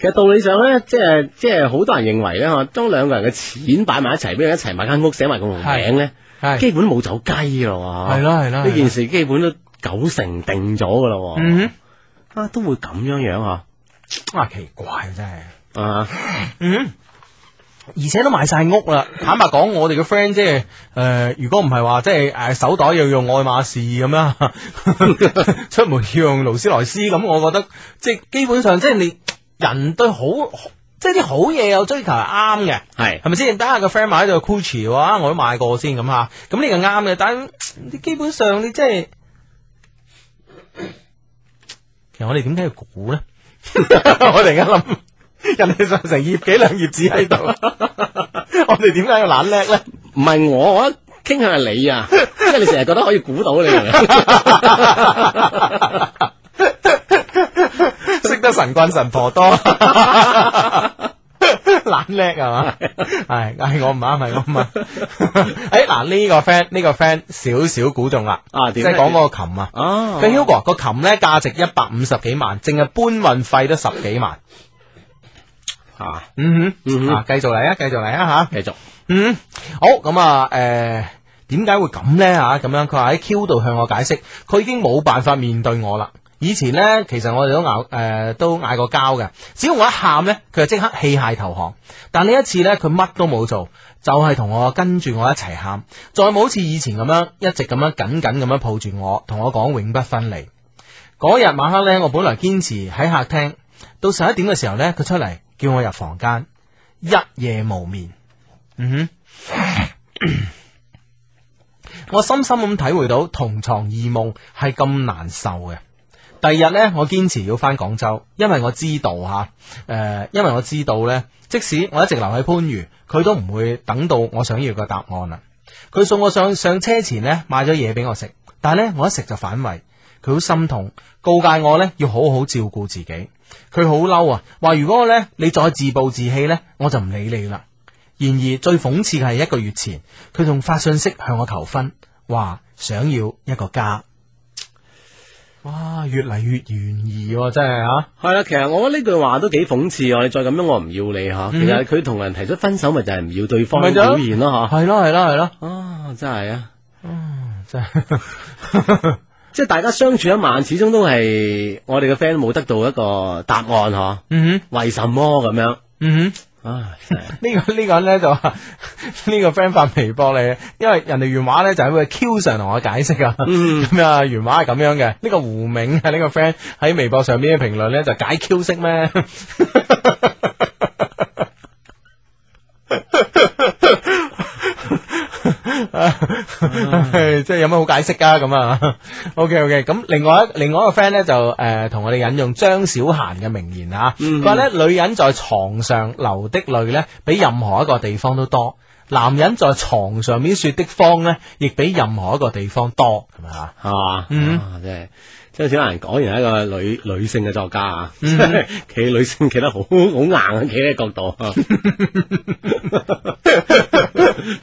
S1: 其實道理上咧，即係即係好多人認為咧，當、啊、兩個人嘅錢擺埋一齊，俾佢一齊買間屋，寫埋個名咧，基本冇走雞咯，係咯係咯，呢件事基本都九成定咗噶啦，啊都會咁樣樣吓，啊
S2: 奇怪真係，嗯、
S1: 啊。 而且都買晒屋啦！坦白講，我哋嘅 friend 即係誒，如果唔係話，即係誒、呃，手袋要用愛馬仕咁樣， 出門要用勞斯萊斯咁，我覺得即係基本上即係你人對好，好即係啲好嘢有追求係啱嘅，係係咪先？等下個 friend 買咗個 Gucci，我都買過先咁吓，咁呢個啱嘅。但係你基本上你即係， 其實我哋點解要估咧？ 我哋而家諗。人哋就成葉幾兩葉子喺度， 我哋點解要懶叻咧？唔係我，我傾向係你啊， 即係你成日覺得可以估到你，識 得神棍神婆多，懶叻係嘛？係係 吧我唔啱，係我唔啱。誒、 哎，嗱呢、這個 friend 呢個 friend 少少估中啦，啊、即係講嗰個琴啊。個 Hugo 個琴咧價值一百五十幾萬，淨係搬運費都十幾萬。
S2: 嗯哼、啊，嗯哼，繼
S1: 續嚟啊，繼續嚟啊，吓、啊，繼、啊、續，嗯好咁啊。誒、呃，點解會咁呢？吓、啊，咁樣佢話喺 Q 度向我解釋，佢已經冇辦法面對我啦。以前呢，其實我哋都咬誒、呃，都嗌過交嘅。只要我一喊呢，佢就即刻棄械投降。但呢一次呢，佢乜都冇做，就係、是、同我跟住我一齊喊，再冇好似以前咁樣一直咁樣緊緊咁樣抱住我，同我講永不分離。嗰日晚黑呢，我本來堅持喺客廳，到十一點嘅時候呢，佢出嚟。叫我入房間，一夜無眠。嗯哼， 我深深咁體會到同床異夢係咁難受嘅。第二日呢，我堅持要翻廣州，因為我知道吓，誒、呃，因為我知道咧，即使我一直留喺番禺，佢都唔會等到我想要嘅答案啦。佢送我上上車前咧，買咗嘢俾我食，但係呢，我一食就反胃。佢好心痛，告誡我呢要好好照顧自己。佢好嬲啊！話如果咧你再自暴自棄咧，我就唔理你啦。然而最諷刺嘅係一個月前，佢仲發信息向我求婚，話想要一個家。哇，越嚟越懸疑真係啊！係啦、啊，其實我覺得呢句話都幾諷刺、啊。你再咁樣我、啊，我唔要你吓。其實佢同人提出分手，咪就係唔要對方表現咯、啊、吓。係咯係咯係咯啊！真係啊！嗯、真係。 即係大家相處一晚，始終都係我哋嘅 friend 冇得到一個答案嗬。嗯哼，為什麼咁樣？嗯哼，啊，呢個呢個咧就呢個 friend 發微博嚟，因為人哋原話咧就喺度 Q 上同我解釋啊。嗯，咁啊原話係咁樣嘅。呢個胡明係呢個 friend 喺微博上邊嘅評論咧，就解 Q 式咩？ 即係有咩好解釋啊？咁啊？O K O K，咁另外一另外一個 friend 呢，就誒，同、呃、我哋引用張小嫻嘅名言啊，佢話、嗯、呢，嗯、女人在床上流的淚呢，比任何一個地方都多；男人在床上面說的謊呢，亦比任何一個地方多，係咪啊？係嘛？嗯，即係、啊。Okay. 張小嫻講完係一個女女性嘅作家啊，企女性企得好好硬，企喺角度，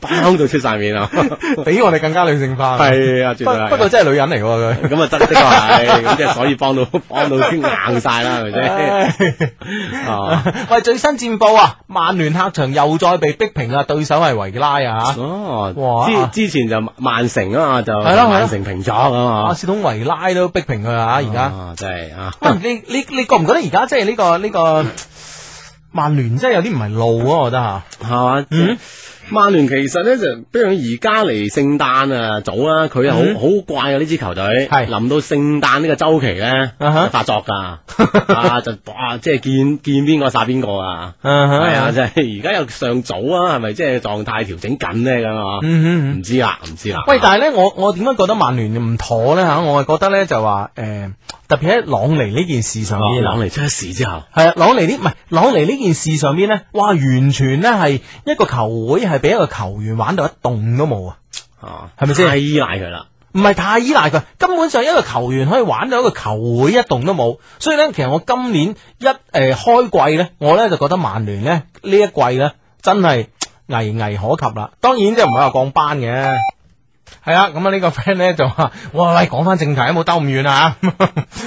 S1: 空到出晒面啊，比我哋更加女性化，係啊，絕對係，不過真係女人嚟嘅佢，咁啊，真的確係，咁即係所以幫到幫到硬晒啦，係咪先？哦，喂，最新戰報啊，曼聯客場又再被逼平啊，對手係維拉啊，哦，之之前就曼城啊嘛，就係咯曼城平咗啊嘛，阿斯通維拉都逼平。佢啊，而家啊，真係啊！喂，你你你覺唔覺得而家即係呢個呢個曼聯真係有啲唔係路啊？我覺得吓，係嘛、啊、嗯。就是曼聯其實咧，就，比如而家嚟，聖誕啊，早啦，佢啊好好怪啊。呢、嗯哼啊、支球隊，係臨是到聖誕呢個周期咧，uh huh. 發作噶，啊就，哇，即係見見邊個殺邊個啊，係啊，
S2: 就
S1: 係而家又上早啊，係咪即係狀態調整緊咧咁啊？唔、uh huh. 知啊，唔知啊。喂，嗯、但係咧，我我點解覺得曼聯唔妥咧吓？我係覺得咧就話誒。呃特別喺朗尼呢件事上邊，朗尼
S2: 出事之後，
S1: 係啊，朗尼呢，唔係朗尼呢件事上邊呢，哇，完全呢係一個球會係俾一個球員玩到一戙都冇啊，係咪先？太依賴佢啦，唔係太依賴佢，根本上一個球員可以玩到一個球會一戙都冇，所以呢，其實我今年一誒、呃、開季呢，我呢就覺得曼聯呢，呢一季呢，真係危危可及啦，當然即係唔係話降班嘅。係啊，咁啊呢個 friend 咧，就話，哇喂，講翻正題有冇兜咁遠啊？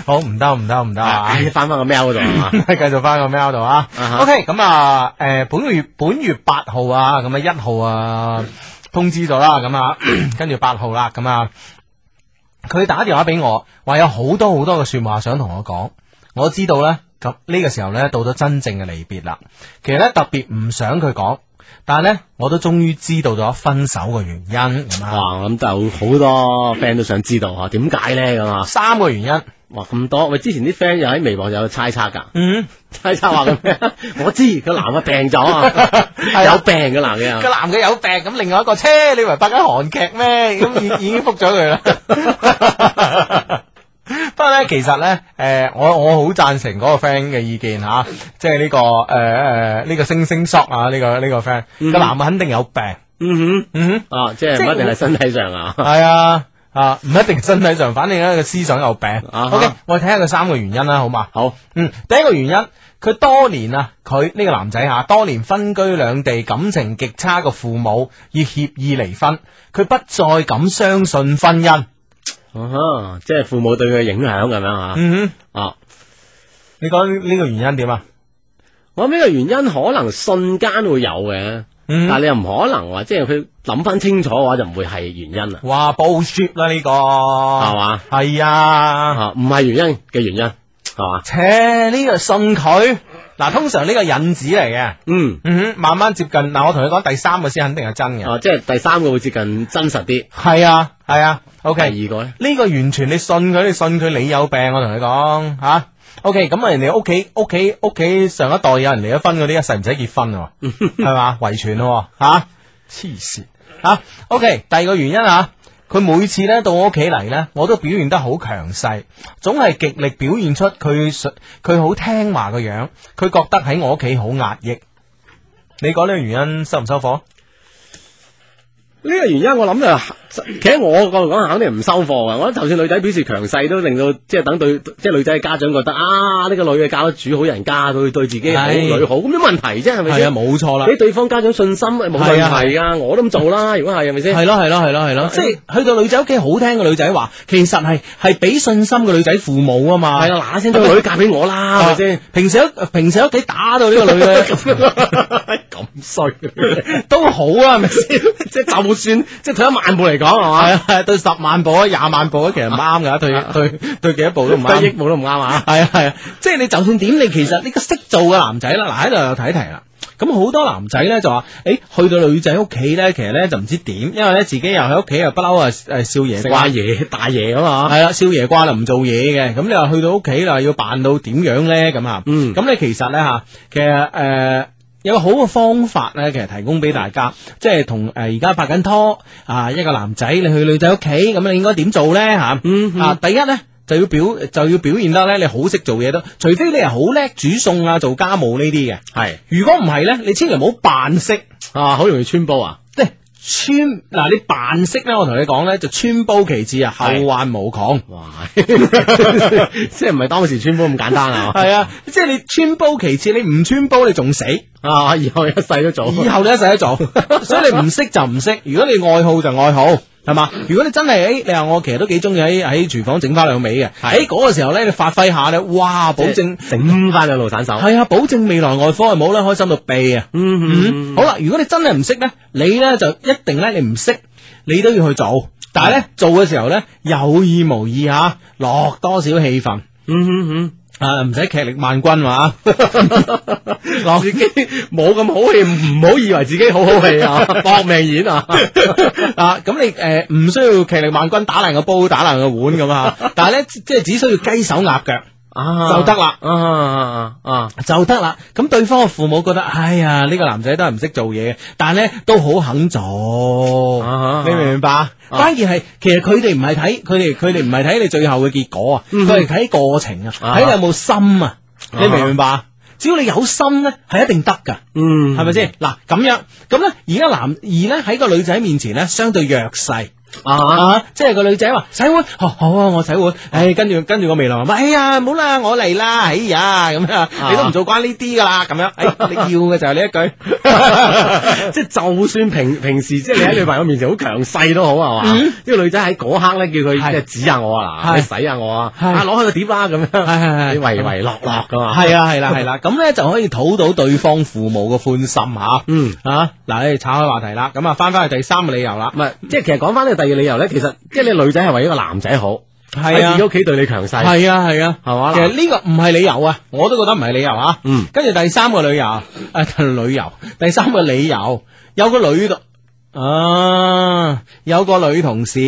S1: 好，唔兜唔兜唔兜啊，翻翻個 mail 度啊，繼續翻個 mail 度啊，OK，咁啊，誒，本月本月八號啊，咁啊一號啊通知咗啦，咁啊 跟住八號啦，咁啊佢打電話俾我，話有好多好多嘅說話想同我講。我知道咧，咁呢個時候咧到咗真正嘅離別啦，其實咧特別唔想佢講。但係咧，我都終於知道咗分手嘅原因。哇！咁就好多 friend 都想知道啊，點解咧咁啊？三個原因。哇！咁多，喂！之前啲 friend 又喺微博有猜測噶。嗯，
S2: 猜測話咩？
S1: 我知，個男嘅病咗 啊，有病個男嘅。個男嘅有病，咁 另外一個，車，你以為拍緊韓劇咩？咁已已經覆咗佢啦。 不過咧，其實咧，誒、呃，我我好贊成嗰個 friend 嘅意見吓、啊，即係呢、這個誒誒呢個星星索啊，呢、這個呢、這個 friend，、嗯、哼男肯定有病，嗯哼嗯哼，嗯哼啊，即係唔一定係身體上啊，係啊啊，唔、啊、一定身體上， 反正咧個思想有病。啊、哈 o、okay, K，我睇下佢三個原因啦，好嘛？好，嗯，第一個原因，佢多年啊，佢呢個男仔吓，多年分居兩地，感情極差，個父母要協議離婚，佢不再敢相信婚姻。哦，uh、huh，即係父母對佢影響咁樣吓，嗯哼，哦、mm，hmm. oh。你講呢個原因點啊？我諗呢個原因可能瞬間會有嘅，mm hmm. 但係你又唔可能話，即係佢諗翻清楚嘅話就唔會係原因、這個、吧啊，哇，報雪啦呢個，係嘛？係啊，吓，唔係原因嘅原因。係切呢個信佢嗱、啊，通常呢個引子嚟嘅。嗯嗯哼，慢慢接近嗱、啊，我同你講第三個先肯定係真嘅。哦、啊，即係第三個會接近真實啲。係啊係啊。O K、啊。Okay, 第二個咧，呢個完全你信佢，你信佢你，你，你有病。我同你講吓。O K，咁啊 okay, 人哋屋企屋企屋企上一代有人離咗婚嗰啲，一世唔使結婚啊嘛，係嘛、嗯、 遺傳咯吓。黐線吓。啊、o、okay, K，第二個原因啊。佢每次咧到我屋企嚟咧，我都表現得好強勢，總係極力表現出佢佢好聽話嘅樣，佢覺得喺我屋企好壓抑。你講呢個原因收唔收貨？呢個原因我諗啊。其實我個嚟講，肯定唔收貨噶。我覺得就算女仔表示強勢，都令到即係等對，即係女仔嘅家長覺得啊，呢個女嘅嫁得煮好人家，對對自己好女好，咁有冇問題啫？係咪先？係啊，冇錯啦，俾對方家長信心，冇問題啊。我都咁做啦。如果係，係咪先？係咯，係咯，係咯，係咯。即係去到女仔屋企，好聽個女仔話，其實係係俾信心個女仔父母啊嘛。係啊，嗱聲，呢個女嫁俾我啦，係咪先？平時屋平時屋企打到呢個女咁衰，都好啊，係咪先？即係就算即係退一萬步嚟。講係嘛， 對十萬步啊，廿萬步啊，其實唔啱噶，對對對，對幾多步都唔啱，得億步都唔啱啊！係係，即係你就算點，你其實呢個識做嘅男仔啦，嗱喺度又睇題啦。咁好多男仔咧就話，誒、欸，去到女仔屋企咧，其實咧就唔知點，因為咧自己又喺屋企又不嬲啊，誒， 少爺、瓜爺、大爺啊嘛，係啦，少爺瓜就唔做嘢嘅，咁你話去到屋企，你要扮到點樣咧？咁啊，嗯，咁你其實咧吓，其實誒。呃有個好嘅方法咧，其實提供俾大家，即係同誒而家拍緊拖啊，一個男仔你去女仔屋企，咁你應該點做咧吓？啊、嗯、啊，第一咧就要表就要表現得咧你好識做嘢都，除非你係好叻煮餸啊、做家務呢啲嘅，係是如果唔係咧，你千祈唔好扮識啊，好容易穿煲啊。穿嗱、啊、你扮識咧，我同你講咧就穿煲其次啊，是後患無窮，哇！ 即係唔係當時穿煲咁簡單 啊？係啊，即係你穿煲其次，你唔穿煲你仲死啊！以後一世都做，以後你一世都做， 所以你唔識就唔識，如果你愛好就愛好。係嘛？如果你真係，誒、哎，你話我其實都幾中意喺喺廚房整翻兩味嘅。喺嗰、哎嗰個時候咧，你發揮下咧，哇！保證整翻兩路散手。係啊，保證未來外科係冇咧，開心到痹啊！嗯哼、嗯
S2: 嗯，
S1: 好啦，如果你真係唔識咧，你咧就一定咧，你唔識，你都要去做。但係咧，嗯、做嘅時候咧，有意無意吓落多少氣氛。嗯哼哼。嗯嗯啊！唔使劇力萬鈞嘛， 自己冇咁好戲，唔好以為自己好好戲啊！搏命演啊！啊，咁、 啊、你誒唔、呃、需要劇力萬鈞打爛個煲、打爛個碗咁啊。 但係咧即係只需要雞手鴨腳。就得啦，就得啦。咁對方嘅父母覺得，哎呀，呢個男仔都係唔識做嘢嘅，但係咧都好肯做，你明唔明白？關鍵係其實佢哋唔係睇佢哋，佢哋唔係睇你最後嘅結果啊，佢哋睇過程啊，睇你有冇心啊，你明唔明白？只要你有心咧，係一定得噶嗯，係咪先？嗱，咁樣咁咧，而家男而咧喺個女仔面前咧，相對弱勢。啊！即係個女仔話洗碗，好啊，我洗碗。誒，跟住跟住個未來話，哎呀，唔好啦，我嚟啦，哎呀，咁啊，你都唔做關呢啲噶啦，咁樣，誒，你要嘅就係呢一句，即係就算平平時即係你喺女朋友面前好強勢都好啊嘛，呢個女仔喺嗰刻咧叫佢即係指下我啊，你洗下我啊，攞開個碟啦。咁樣，你唯唯維維諾諾噶嘛，係啊，係啦，係啦，咁咧就可以討到對方父母嘅歡心吓，嗯啊，嗱，你哋岔開話題啦，咁啊，翻翻去第三個理由啦，唔係，即係其實講翻呢個。第二個理由咧，其實即係你女仔係為一個男仔好，係啊，喺屋企對你強勢，係啊係啊，係嘛、啊？吧其實呢個唔係理由啊，我都覺得唔係理由啊。嗯。跟住第三個理由，誒、呃，旅遊，第三個理由，有個女啊，有個女同事，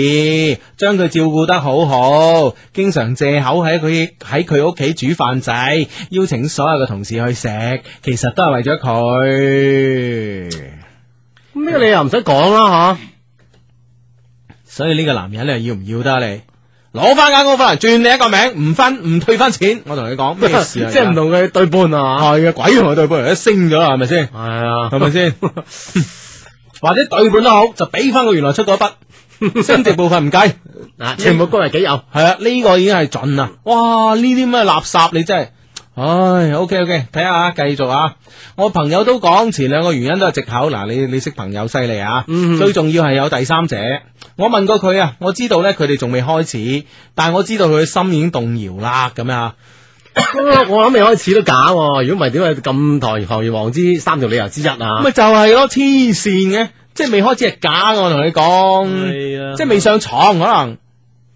S1: 將佢照顧得好好，經常借口喺佢喺佢屋企煮飯仔，邀請所有嘅同事去食，其實都係為咗佢。呢個理由唔使講啦，吓。所以呢個男人咧，要唔要得，啊，你？攞翻間屋翻嚟，轉你一個名，唔翻唔退翻錢。我咩事，啊、 同你講，即係唔同佢對半啊！係啊，鬼同佢對半，一升咗係咪先？係啊，係咪先？或者對半都好，就俾翻佢原來出嗰筆，升值部分唔計，
S2: 啊，全部
S1: 據為己有。係啊， 呢、呢個已經係準啦。哇！呢啲咩垃圾，你真係～唉，OK OK，睇下繼續啊！我朋友都講，前兩個原因都係借口嗱，你你識朋友犀利啊！嗯、哼最重要係有第三者。我問過佢啊，我知道咧佢哋仲未開始，但係我知道佢嘅心已經動搖啦。咁樣、
S2: 啊 啊，我諗未
S1: 開始都假、啊。如果唔係點解咁唐唐玄王之三條理由之一啊？咪、嗯、就係、是、咯，黐線嘅，即係未開始係假。我同你講，即係未上床可能，係、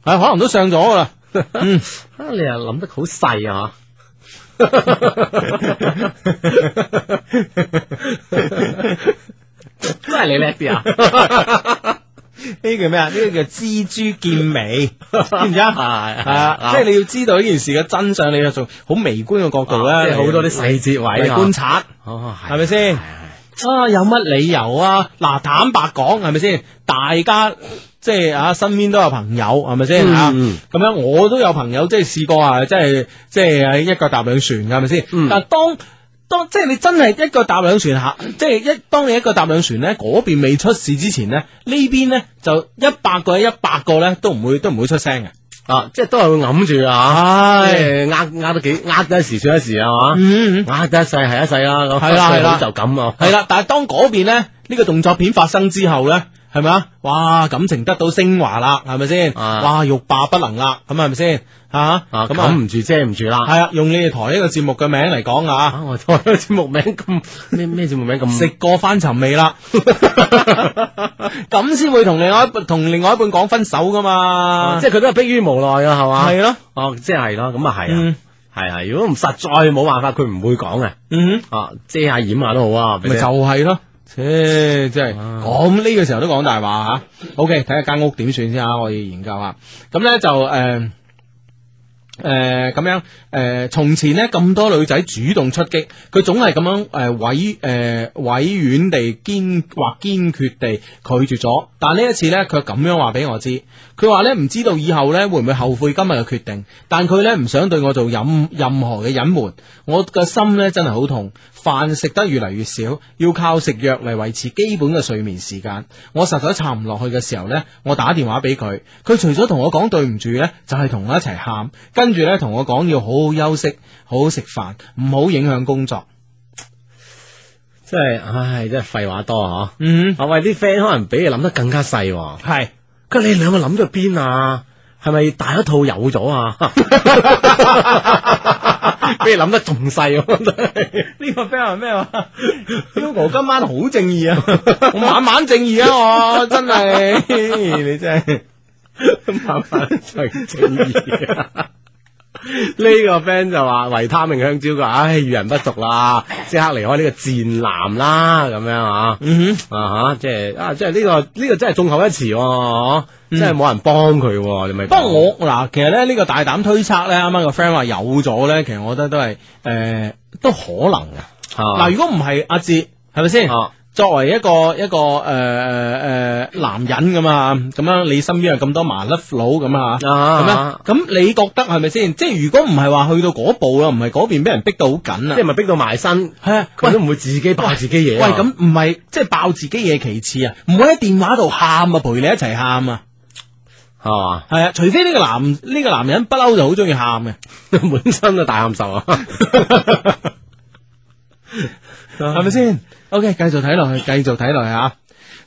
S1: 啊、可能都上咗啦。你又諗得好細啊！
S2: 真係你叻啲啊！呢
S1: 叫咩啊？呢個叫蜘蛛見尾，知唔知啊？係啊，即係你要知道呢件事嘅真相，你要從好微觀嘅角
S2: 度咧、 啊，即係好多啲細節位觀察，係
S1: 咪先？ 的 啊！有乜理由啊？嗱、啊，坦白講係咪先？大家即係啊，身邊都有朋友係咪先啊？咁、嗯、樣我都有朋友即係試過啊，即係即係一、嗯、一個搭兩船，係咪先？但當當即係你真係一個搭兩船下，即係一當你一個搭兩船呢，嗰邊未出事之前呢，呢邊呢，就一百個一百個呢，都唔會都唔會出聲嘅。啊，即係都係會揞住啊！唉，呃呃、嗯、得幾呃得一時算一時
S2: 啊，係嘛、嗯，呃
S1: 得一世係一世啦，咁係啦，係啦，就咁啊！係啦，但係當嗰邊咧呢、呢個動作片發生之後咧。係咪啊？哇，感情得到升華啦，係咪先？哇，欲罷不能啦，咁係咪先？啊，咁掩唔住遮唔住啦。係啊，用你哋台呢個節目嘅名嚟講啊，我台呢個節目名咁咩咩節目名咁食過翻尋味啦，咁先會同另外同另外一半講分手噶嘛，即係佢都係迫於無奈啊，係嘛？係咯，哦，即係咯，咁啊係啊，係啊，如果唔實在冇辦法，佢唔會講嘅。嗯啊，遮下掩下都好，啊，咪就係咯。切，真係講呢個時候都講大話吓。OK，睇下間屋點算先吓，我要研究下。咁呢就誒誒咁樣誒，從、呃、前呢咁多女仔主動出擊，佢總係咁樣誒、呃、委誒、呃、委婉地堅或堅決地拒絕咗。但呢一次呢，佢咁樣話俾我知。佢話咧，唔知道以後咧會唔會後悔今日嘅決定，但佢咧，唔想對我做隱任何嘅隱瞞。我嘅心咧真係好痛，飯食得越嚟越少，要靠食藥嚟維持基本嘅睡眠時間。我實在撐唔落去嘅時候咧，我打電話俾佢，佢除咗同我講對唔住咧，就係、是、同我一齊喊，跟住咧同我講要好好休息，好好食飯，唔好影響工作。即係，唉，真係廢話多啊！嗬、嗯哼，我話啲 friend 可能比你諗得更加細。係、啊。咁你兩個諗咗邊啊？係咪大一套有咗啊？俾你諗得仲細，呢 個 friend 係咩話？Hugo 今晚好正義啊！ 我晚晚正義啊，我真係， 你真係咁晚
S2: 晚 最正義啊。
S1: 呢 個 friend 就話維他命香蕉噶，唉、哎、遇人不淑啦，即刻離開呢個賤男啦，咁樣啊，嗯哼、mm，hmm. 啊吓，即係啊，即係呢、這個呢、這個真係眾口一詞哦，吓，真係冇人幫佢、啊，mm hmm. 你咪。不過我嗱，其實咧呢、這個大膽推測咧，啱啱個 friend 話有咗咧，其實我覺得都係誒、呃、都可能嘅。
S2: 嗱、啊啊，如
S1: 果唔係阿智係咪先？是作為一個一個誒、呃、誒、呃呃、男人咁啊，咁樣你身邊有咁多麻甩佬咁啊，啊，啊，咁樣咁你覺得係咪先？即、就、係、是、如果唔係話去到嗰步啦，唔係嗰邊俾人逼到好緊啊，即係咪逼到埋身？係啊，佢都唔會自己爆自己嘢。喂，咁唔係即係爆自己嘢其次啊，唔會喺電話度喊啊，陪你一齊喊啊，係嘛？
S2: 係啊，
S1: 是啊、除非呢個男呢個男人不嬲就好中意喊嘅，本身啊大喊受啊，係咪先？O K，繼續睇落去，繼續睇落去吓、啊。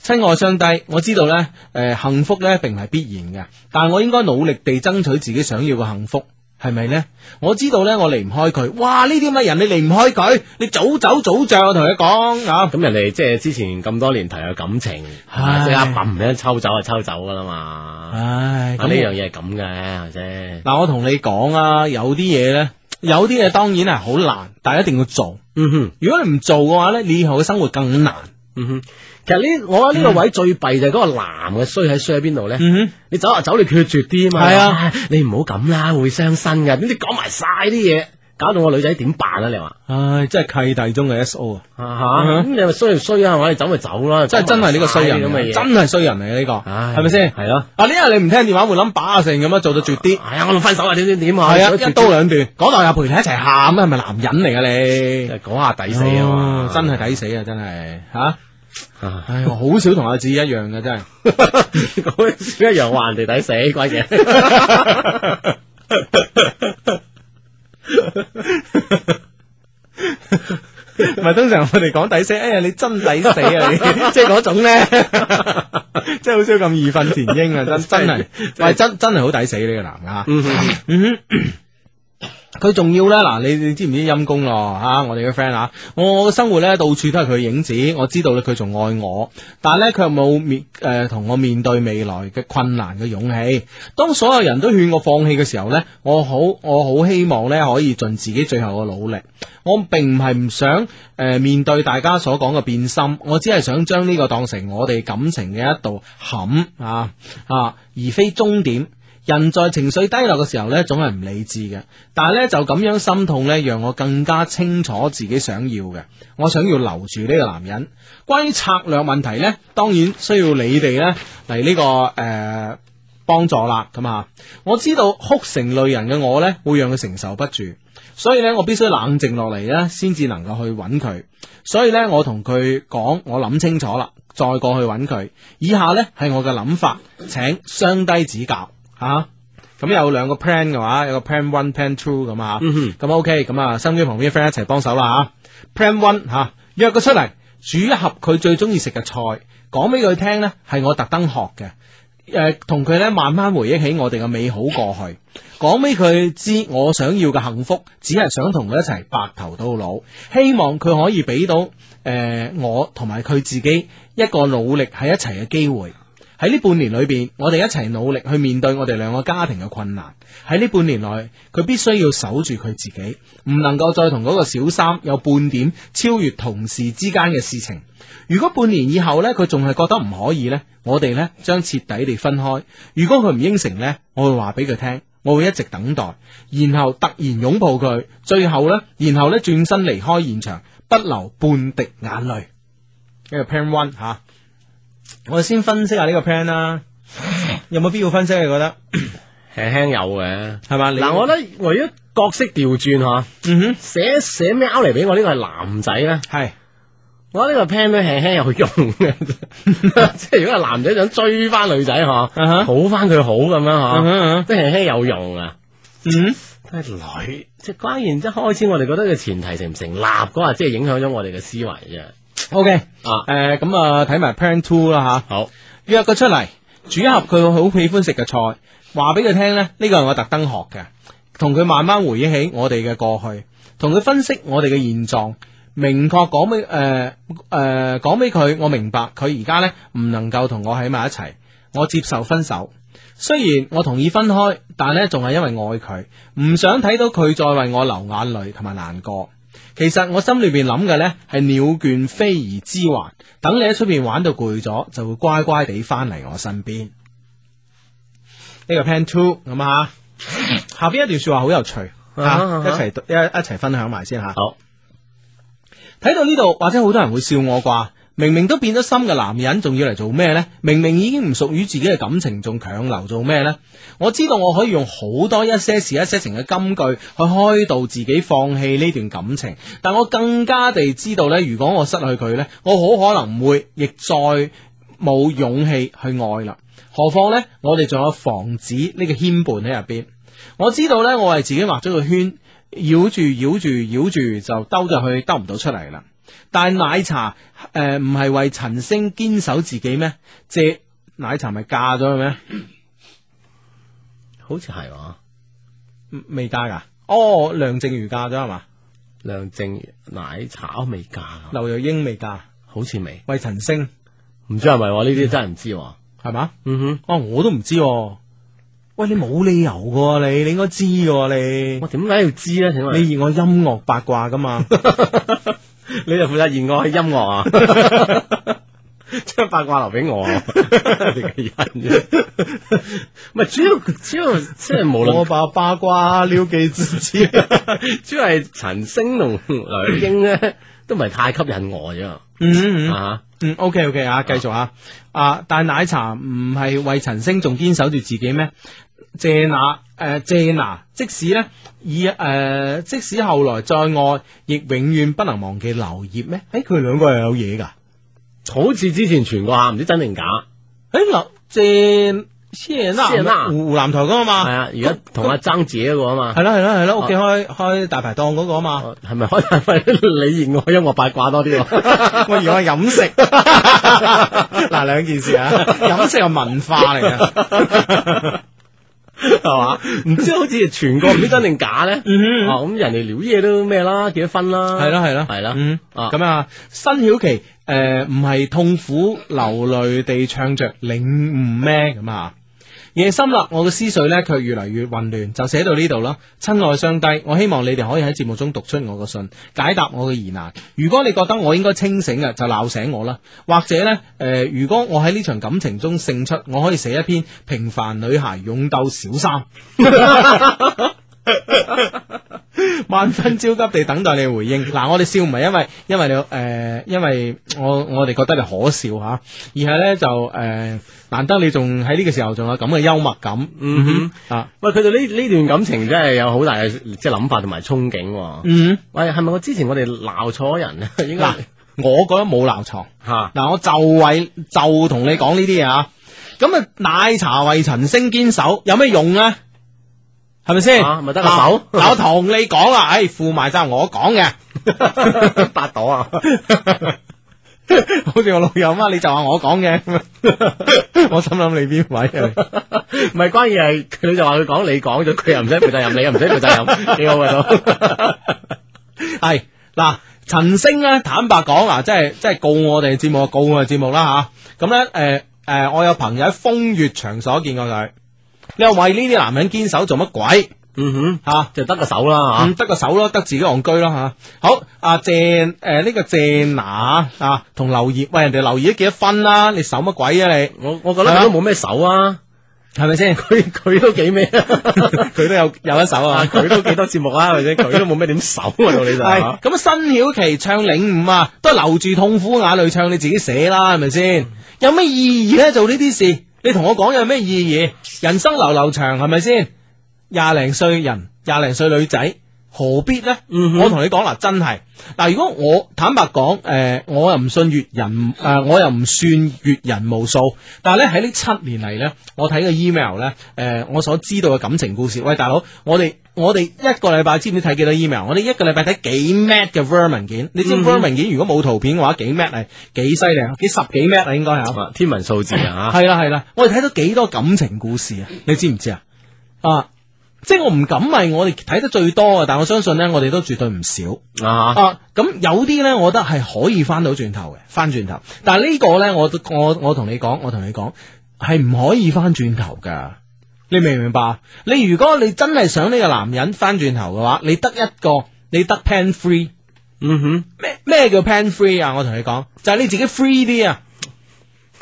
S1: 親愛上帝，我知道咧，誒、呃，幸福咧並唔係必然嘅，但係我應該努力地爭取自己想要嘅幸福，係咪呢？我知道咧，我離唔開佢。哇，呢啲咁嘅人？你離唔開佢？你早走早着。我同你講啊！咁人哋即係之前咁多年培養感情，即刻冚一抽走就抽走噶啦嘛。
S2: 唉，咁呢樣嘢係咁嘅啫。嗱
S1: 我，但我同你講啊，有啲嘢呢。有啲嘢當然係好難，但係一定要做。嗯哼，如果你唔做嘅話咧，你以後嘅生活更難。嗯哼，其實呢，我喺呢個位最弊就係嗰個男嘅衰，喺衰喺邊度咧？嗯哼，你走啊走，你決絕啲啊嘛。係啊，啊，你唔好咁啦，會傷身噶。點知講埋晒啲嘢？搞到個女仔點辦啊？你話，唉，真係契弟中嘅 S O 啊，吓咁你話衰唔衰啊，我哋走咪走啦，真真係呢個衰人咁嘅嘢，真係衰人嚟嘅呢個，係咪先？係咯，啊呢日你唔聽電話，會諗把啊，成咁樣做到絕啲，係啊，我哋分手啊，點點點啊，係啊，一刀兩斷，講到又陪你一齊喊，啊，係咪男人嚟噶你？講下抵死啊，嘛，真係抵死啊，真係
S2: 吓，
S1: 唉，好少同阿志一樣嘅真係，一樣話人哋抵死，鬼嘢。唔係 通常我哋講抵死，哎呀你真抵死啊！你即係嗰種咧，即係好少咁義憤填膺啊！真真係，喂真真係好抵死呢個男啊。 佢仲要呢，嗱，你你知唔知陰公咯吓？我哋嘅 friend 啊，我啊我嘅生活呢，到處都係佢嘅影子。我知道咧佢仲愛我，但係佢又冇面誒同我面對未來嘅困難嘅勇氣。當所有人都勸我放棄嘅時候呢，我好我好希望呢，可以盡自己最後嘅努力。我並唔係唔想誒、呃、面對大家所講嘅變心，我只係想將呢個當成我哋感情嘅一道坎啊啊，啊，而非終點。人在情緒低落嘅時候咧，總係唔理智嘅。但係咧就咁樣心痛咧，讓我更加清楚自己想要嘅。我想要留住呢個男人。關於策略問題呢，當然需要你哋咧嚟、呢、呢個誒、呃、幫助啦。咁啊，我知道哭成淚人嘅我呢，會讓佢承受不住，所以咧我必須冷靜落嚟呢，先至能夠去揾佢。所以呢，我同佢講，我諗清楚啦，再過去揾佢。以下呢，係我嘅諗法，請雙低指教。啊，咁有兩個 plan 嘅話，有個 plan one plan two 咁啊，咁 OK，咁啊身邊旁邊嘅 friend 一齊幫手啦吓，plan one 吓約佢出嚟，煮一盒佢最中意食嘅菜，講俾佢聽咧，係我特登學嘅，誒同佢咧慢慢回憶起我哋嘅美好過去，講俾佢知我想要嘅幸福，只係想同佢一齊白頭到老，希望佢可以俾到誒、呃、我同埋佢自己一個努力喺一齊嘅機會。喺呢半年裏邊，我哋一齊努力去面對我哋兩個家庭嘅困難。喺呢半年內，佢必須要守住佢自己，唔能夠再同嗰個小三有半點超越同事之間嘅事情。如果半年以後呢，佢仲係覺得唔可以呢，我哋呢將徹底地分開。如果佢唔應承呢，我會話俾佢聽，我會一直等待，然後突然擁抱佢，最後呢，然後呢轉身離開現場，不流半滴眼淚。呢個 plan one 吓、huh?。我哋先分析下呢個 plan 啦，有冇必要分析？你覺得輕輕 有嘅係嘛？嗱，我覺得如果角色調轉嗬，寫寫咩 out 嚟俾我呢？呢是個係男仔咧，係我覺得呢個 plan 都輕輕有用
S2: 嘅，
S1: 即係如果係男仔想追翻女仔嗬，啊、哈好翻佢好咁樣嗬，啊哈啊、即係輕輕有用啊。嗯，啲女即係關鍵，即一開始我哋覺得嘅前提成唔成立嗰下，即係影響咗我哋嘅思維啫。O K，誒，咁 Okay, 啊，睇埋 Plan Two 啦吓，好約佢出嚟，煮一盒佢好喜歡食嘅菜，話俾佢聽咧，呢個係我特登學嘅，同佢慢慢回憶起我哋嘅過去，同佢分析我哋嘅現狀，明確講俾誒誒講俾佢，我明白佢而家咧唔能夠同我喺埋一齊，我接受分手，雖然我同意分開，但係咧仲係因為愛佢，唔想睇到佢再為我流眼淚同埋難過。其實我心裏邊諗嘅咧係鳥倦飛而知還，等你喺出邊玩到攰咗，就會乖乖地翻嚟我身邊。呢、這個 plan two 咁啊，嗯、下邊一段說話好有趣吓、啊啊，一齊一一齊分享埋先吓。啊、好，睇到呢度或者好多人會笑我啩。明明都變咗心嘅男人，仲要嚟做咩咧？明明已經唔屬於自己嘅感情，仲強留做咩咧？我知道我可以用好多一些事、一些情嘅金句去開導自己放棄呢段感情，但我更加地知道咧，如果我失去佢咧，我好可能會亦再冇勇氣去愛啦。何況咧，我哋仲有防止呢個牽絆喺入邊。我知道咧，我係自己畫咗個圈，繞住繞住繞住就兜咗去，兜唔到出嚟啦。但係奶茶誒，唔係、啊呃、為陳星堅守自己咩？借奶茶咪嫁咗啦咩？好似係哇，未嫁噶？哦，梁靜茹嫁咗係嘛？梁靜茹奶茶未嫁，嫁，劉若英未嫁，好似未喂，陳星唔知係咪？呢啲、呃、真係唔知係嘛、啊？吧嗯哼，哦、啊，我都唔知、啊，喂，你冇理由噶你，你應該知噶你，我點解要知咧？請問你嫌我音樂八卦噶嘛？你就負責言我係音樂啊，將 八卦留俾我。啊。唔係主要，主要即係無論我把八卦撩幾次，主要係 陳星龍、梁英。咧都唔係太吸引我咋、啊。嗯、啊、嗯嗯，OK OK 啊，繼續啊啊！但係奶茶唔係為陳星仲堅守住自己咩？謝娜誒，謝娜、啊呃啊，即使咧以誒、呃，即使後來再愛，亦永遠不能忘記劉燁咩？誒、欸，佢哋兩個又有嘢噶，好似之前傳過下，唔知真定假。誒、欸，劉謝謝娜啦，湖南台嗰個嘛，係啊，而家同阿曾志嗰個啊嘛。係咯係咯係咯，屋企開開大排檔嗰個啊嘛。係、啊、咪、啊、開？係咪你熱愛音樂八卦多啲？ 我熱愛飲食。嗱， 兩件事啊，飲食係文化嚟噶。 係嘛？唔知，好似係全個，唔知真定假咧。嗯，哦，咁人哋聊啲嘢都咩啦？幾多分啦？係啦，係啦，係啦。啊，咁啊，辛曉琪誒，唔係、呃、痛苦流淚地唱着領悟咩咁的啊？夜深啦，我嘅思緒呢，卻越嚟越混亂，就寫到呢度啦。親愛上帝，我希望你哋可以喺節目中讀出我嘅信，解答我嘅疑難。如果你覺得我應該清醒嘅，就鬧醒我啦。或者呢，誒、呃，如果我喺呢場感情中勝出，我可以寫一篇《平凡女孩勇鬥小三》。 萬分焦急地等待你回應。嗱，我哋笑唔係因為因為你誒、呃，因為我我哋覺得你可笑吓、啊，而係咧就誒、呃，難得你仲喺呢個時候仲有咁嘅幽默感。嗯哼啊，喂，佢哋呢呢段感情真係有好大嘅即係諗法同埋憧憬、啊。嗯
S2: 哼，喂，
S1: 係咪我之前我哋鬧錯人啊？嗱 是，我覺得冇鬧錯吓。嗱喏，我就為就同你講呢啲嘢啊。咁啊，奶茶為陳升堅守有咩用啊？係咪先？咪得個手？啊，我同你講啊，哎，負埋晒我講嘅八朵啊！呵呵好似我老友啊，你就話我講嘅，我心諗你邊位？唔係關鍵係佢就話佢講，你講咗，佢又唔使負責任，你又唔使負責任，幾好啊，老、啊！係嗱，陳星咧，坦白講啊，即係即係告我哋節目，告我哋節目啦吓。咁、啊、咧，誒、啊、誒、啊，我有朋友喺風月場所見過佢。你又為呢啲男人堅守做乜鬼？嗯哼，吓就得個手啦吓，得個手咯，得自己戇居咯吓。好阿謝誒，呢個謝娜啊，同劉燁喂人哋劉燁都幾多分啦，你守乜鬼啊你？我我覺得都冇咩守啊，係咪先？佢佢都幾咩？佢都有有一首啊，佢都幾多節目啊，或者佢都冇咩點守到你就。咁啊，辛曉琪唱《領悟》啊，都係留住痛苦眼淚唱，你自己寫啦，係咪先？有咩意義咧？做呢啲事？你同我講有咩意義？人生流流長係咪先？廿零歲人，廿零歲女仔。何必呢？嗯、哼我同你講啦，真係嗱。如果我坦白講，誒、呃，我又唔信閱人，誒、呃，我又唔算閱人無數。但係咧喺呢七年嚟呢，我睇嘅 email 呢，誒、呃，我所知道嘅感情故事。喂，大佬，我哋我哋一個禮拜知唔知睇幾多 email？我哋一個禮拜睇幾 meg 嘅 Word 文件？你知唔知 Word 文件如果冇圖片嘅話，幾 meg 係幾犀利？幾十幾 meg 啊應該？應該有天文數字啊！吓，係啦係啦，我哋睇到幾多感情故事啊？你知唔知啊？啊即係我唔敢，咪我哋睇得最多啊！但我相信咧，我哋都絕對唔少、uh huh. 啊！咁有啲咧，我覺得係可以翻到轉頭嘅，翻轉頭。但係呢個咧，我我我同你講，我同你講，係唔可以翻轉頭噶。你明唔明白？你如果你真係想呢個男人翻轉頭嘅話，你得一個，你得 pan free。嗯哼、uh，咩、huh. 咩叫 pan free 啊？我同你講，就係、是、你自己 free 啲啊！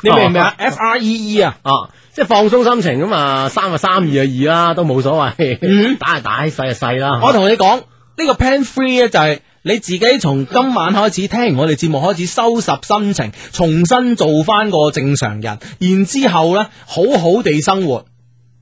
S1: 你明唔明、uh huh.？F 啊，R E E 啊！Uh huh. 即係放鬆心情咁啊，三啊三，二啊二啦，都冇所謂， 打小就打，細、嗯、就細啦。我同你講呢個 plan three 咧，就係你自己從今晚開始聽完我哋節目，開始收拾心情，重新做翻個正常人，然之後咧，好好地生活。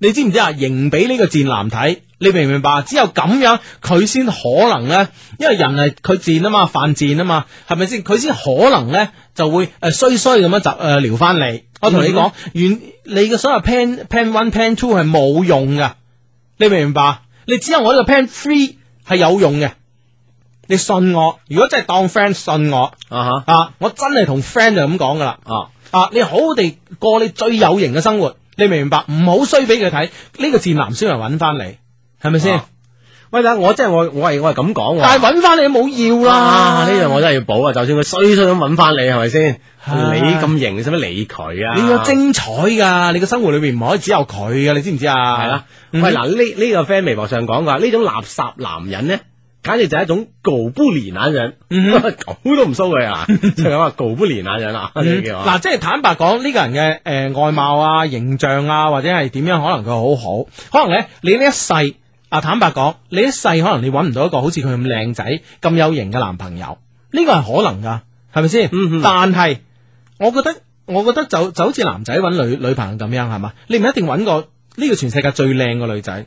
S1: 你知唔知啊？仍俾呢個賤男睇，你明唔明白？只有咁樣，佢先可能咧，因為人係佢賤啊嘛，犯賤啊嘛，係咪先？佢先可能咧就會誒、呃、衰衰咁樣就誒撩返你。我同你講，嗯、原你嘅所有 plan plan one plan two 係冇用噶，你明唔明白？你只有我呢個 plan three 係有用嘅，你信我。如果真係當 friend 信我啊吓、uh huh. 啊，我真係同 friend 就咁講噶啦啊啊！你好好地過你最有型嘅生活。你明唔明白？唔好衰俾佢睇，呢、呢個賤男先嚟揾翻你，係咪先？啊、喂等等，我真係我我係我係咁講。但係揾翻你都冇要啦。呢樣、啊呢個、我真係要補啊！就算佢衰衰咁揾翻你，係咪先？啊、你咁型，使乜理佢啊，啊？你要精彩噶，你嘅生活裏邊唔可以只有佢噶、啊，你知唔知啊？係啦、啊，嗯、哼喂，嗱、呃，呢、呢、呢個 friend 微博上講噶，呢種垃圾男人呢？簡直就係一種告、mm hmm. 不廉嘅人，狗都唔收佢啊！就係話告不廉嘅人啊！嗱，即係坦白講，呢、呢個人嘅，誒、呃、外貌啊、形象啊，或者係點樣，可能佢好好，可能咧你呢一世啊，坦白講，你一世可能你搵唔到一個好似佢咁靚仔、咁有型嘅男朋友，呢個係可能噶，係咪先？Mm hmm. 但係我覺得，我覺得就就好似男仔搵女女朋友咁樣，係嘛？你唔一定搵個呢個全世界最靚嘅女仔。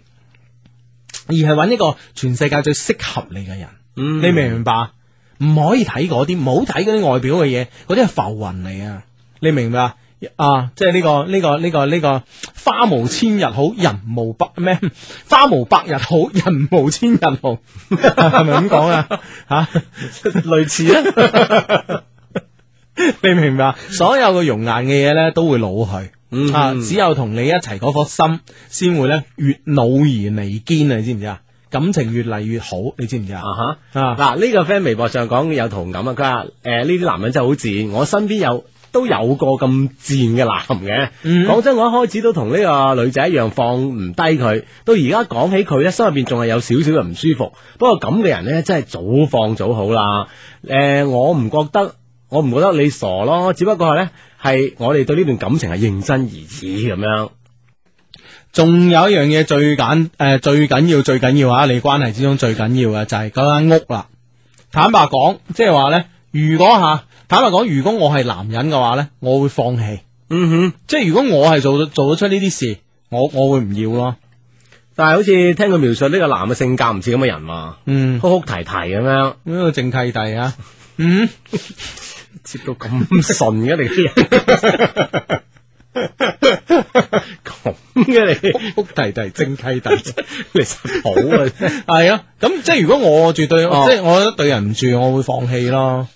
S1: 而係揾一個全世界最適合、嗯、你嘅人、
S2: 嗯，你明唔明
S1: 白？唔可以睇嗰啲，唔好睇嗰啲外表嘅嘢，嗰啲係浮雲嚟啊！你明唔明啊？啊，即係呢、這個呢、這個呢、這個呢、這個花無千日好，人無百咩？花無百日好，人無千日好，係咪咁講啊？吓， 類似
S2: 啊的，
S1: 你明唔明白？所有嘅容顏嘅嘢咧，都會老去。啊，uh huh. 只有同你一齊嗰顆心，先會咧越老而彌堅啊！你知唔知啊？感情越嚟越好，你知唔知、uh huh. uh huh. 啊？啊哈啊！嗱，呢個 friend 微博上講有同感啊，佢話，誒，呢啲男人真係好賤，我身邊有都有個咁賤嘅男嘅。講、uh huh. 真，我一開始都同呢個女仔一樣放唔低佢，到而家講起佢咧，心入邊仲係有少少嘅唔舒服。不過咁嘅人咧，真係早放早好啦。誒、呃，我唔覺得，我唔覺得你傻咯，只不過係咧。係我哋對呢段感情係認真而止咁樣，仲有一樣嘢最緊、誒、呃、最緊要最緊要啊！你關係之中最緊要嘅就係嗰間屋啦。坦白講，即係話咧，如果吓、啊、坦白講，如果我係男人嘅話咧，我會放棄。嗯哼，即係如果我係做咗做得出呢啲事，我我會唔要咯。但係好似聽佢描述呢個男嘅性格唔似咁嘅人嘛。嗯，哭哭啼啼咁樣，正契弟啊。嗯。.接到咁順嘅你啲人，咁 嘅你屋弟弟正契弟嚟執鋪嘅，係 啊，咁、 啊、即係如果我絕對、哦、即係我覺得對人唔住，我會放棄咯。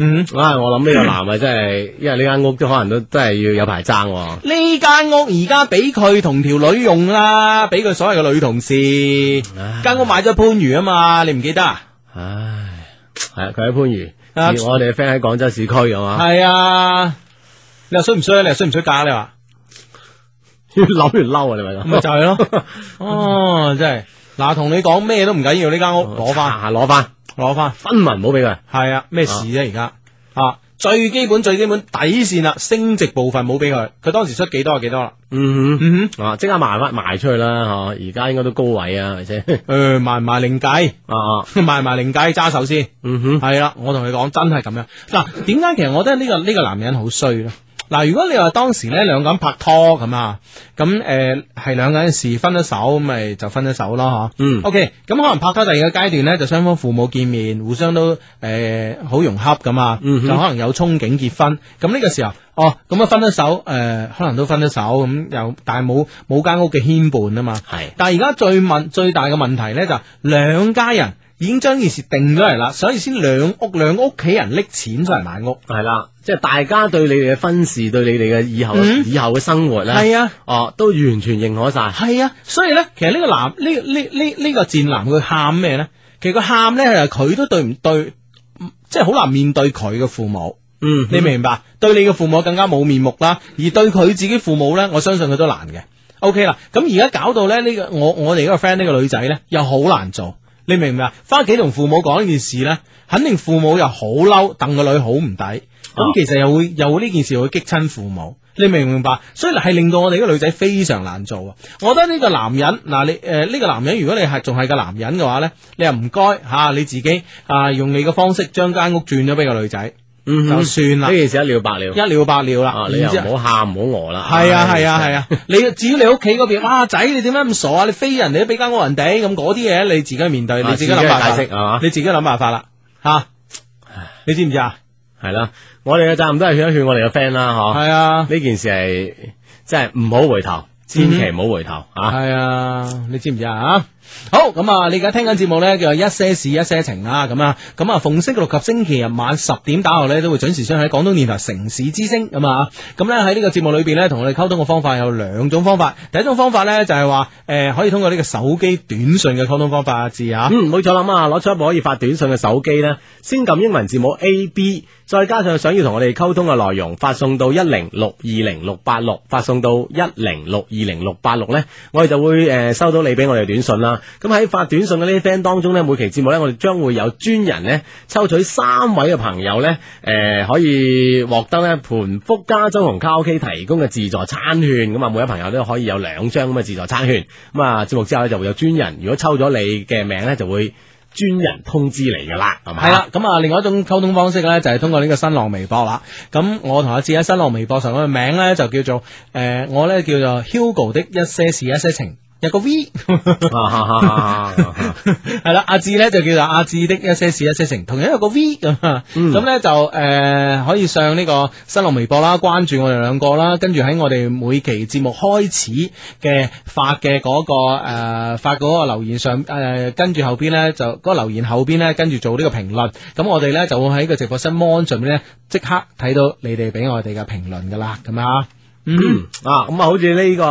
S1: 嗯哼，啊，我諗呢個男啊，真係 因為呢間屋都可能都真係要有排爭、啊。呢間屋而家俾佢同條女用啦，俾佢所謂嘅女同事。間唉屋買咗番禺啊嘛，你唔記得啊？唉，係啊，佢喺番禺。而、啊、我哋 friend 喺廣州市區係嘛？係啊，你話衰唔衰？啊？你話衰唔衰㗎？你話越諗越嬲啊！你咪咁，咪就係咯。哦，真係嗱，同你講咩都唔緊要，呢間屋攞翻、攞翻、攞翻，分文唔好俾佢。係啊，咩事啫而家啊？最基本最基本底線啦，升值部分冇俾佢，佢當時出幾多就幾多啦。嗯
S2: 哼嗯哼，
S1: 啊即刻賣翻賣出去啦嚇，而家應該都高位啊，係咪先？誒賣唔賣另計啊，賣唔賣另計揸手先。嗯哼，係啦，我同你講真係咁樣。嗱、啊，點解其實我覺得呢個呢個男人好衰咧？嗱，如果你話當時咧兩個人拍拖咁啊，咁誒係兩個人事，分咗手，咁咪就分咗手咯吓嗯。OK，咁可能拍拖第二個階段咧，就雙方父母見面，互相都誒好、呃、融洽噶嘛。嗯、哼就可能有憧憬結婚。咁呢個時候，哦，咁啊分咗手，誒、呃，可能都分咗手咁又，但係冇冇間屋嘅牽絆啊嘛。係的。但係而家最問最大嘅問題咧，就兩、是、家人。已經將件事定咗嚟啦，嗯、所以先兩屋兩屋企人搦錢出嚟買屋，係啦，即、就、係、是、大家對你哋嘅婚事，對你哋嘅以後、嗯、以後嘅生活咧，係啊，哦，都完全認可晒。係啊，所以咧，其實呢個男、這個這個這個這個、男呢呢呢呢個賤男，佢喊咩咧？其實佢喊咧，係佢都對唔對，即係好難面對佢嘅父母。嗯、嗯，你明白？對你嘅父母更加冇面目啦，而對佢自己父母咧，我相信佢都難嘅。OK 啦，咁而家搞到咧、這、呢個我我哋呢個 friend 呢個女仔咧，又好難做。你明唔明啊？翻屋企同父母講呢件事呢，肯定父母又好嬲，等個女好唔抵。咁、啊、其實又會有呢件事會激親父母，你明唔明白？所以係令到我哋呢個女仔非常難做啊！我覺得呢個男人嗱，你誒呢個男人，呃呃呢個、男人如果你係仲係個男人嘅話呢，你又唔該嚇你自己啊、呃，用你嘅方式將間屋轉咗俾個女仔。就算啦，呢件事一了百了，一了百了啦，你又唔好喊唔好餓啦。係啊係啊係啊，你至於你屋企嗰邊，啊仔你點解咁傻啊？你飛人哋都俾間屋人哋，咁嗰啲嘢你自己面對，你自己諗辦法，你自己諗辦法啦。吓，你知唔知啊？係啦，我哋嘅責任都係勸一勸我哋嘅 friend 啦，嗬。係啊，呢件事係真係唔好回頭，千祈唔好回頭啊。係啊，你知唔知啊？好咁啊！你而家聽緊節目呢，叫做一些事一些情啊。咁啊，咁啊，逢星期六及星期日晚十點打後呢，都會準時上喺廣東電台城市之聲。咁啊。咁呢，喺呢個節目裏邊呢，同我哋溝通嘅方法有兩種方法。第一種方法呢，就係、是、話，誒、呃，可以通過呢個手機短信嘅溝通方法字啊、嗯。嗯，冇錯啦，咁啊，攞出一部可以發短信嘅手機呢，先撳英文字母 A B，再加上想要同我哋溝通嘅內容，發送到一零六二零六八六，發送到一零六二零六八六呢，我哋就會誒、嗯、收到你俾我哋嘅短信啦。咁喺、嗯、發短信嘅呢啲 friend 當中呢，每期節目呢，我哋將會有專人呢抽取三位嘅朋友呢，誒、呃、可以獲得呢盤福加州紅卡拉 OK 提供嘅自助餐券，咁、嗯、啊，每位朋友都可以有兩張咁嘅自助餐券。咁、嗯、啊，節目之後呢，就會有專人，如果抽咗你嘅名呢，就會專人通知你噶啦，係嘛？係啦，咁啊，另外一種溝通方式呢，就係、是、通過呢個新浪微博啦。咁我同阿志喺新浪微博上個名呢，就叫做誒、呃，我呢叫做 Hugo 的一些事一些情。有個 V，係啦，阿志呢就叫做阿志的一些事一些情，同樣有個 V 咁、 嗯，咁呢就誒可以上呢個新浪微博啦，關注我哋兩個啦，跟住喺我哋每期節目開始嘅發嘅嗰、那個誒、呃、發個留言上誒，跟、呃、住後邊呢就嗰、那個留言後邊呢，跟住做個評論呢個評論，咁我哋呢就會喺個直播室 Mon 上面呢，即刻睇到你哋俾我哋嘅評論噶啦，咁啊。嗯啊，咁啊，好似呢個，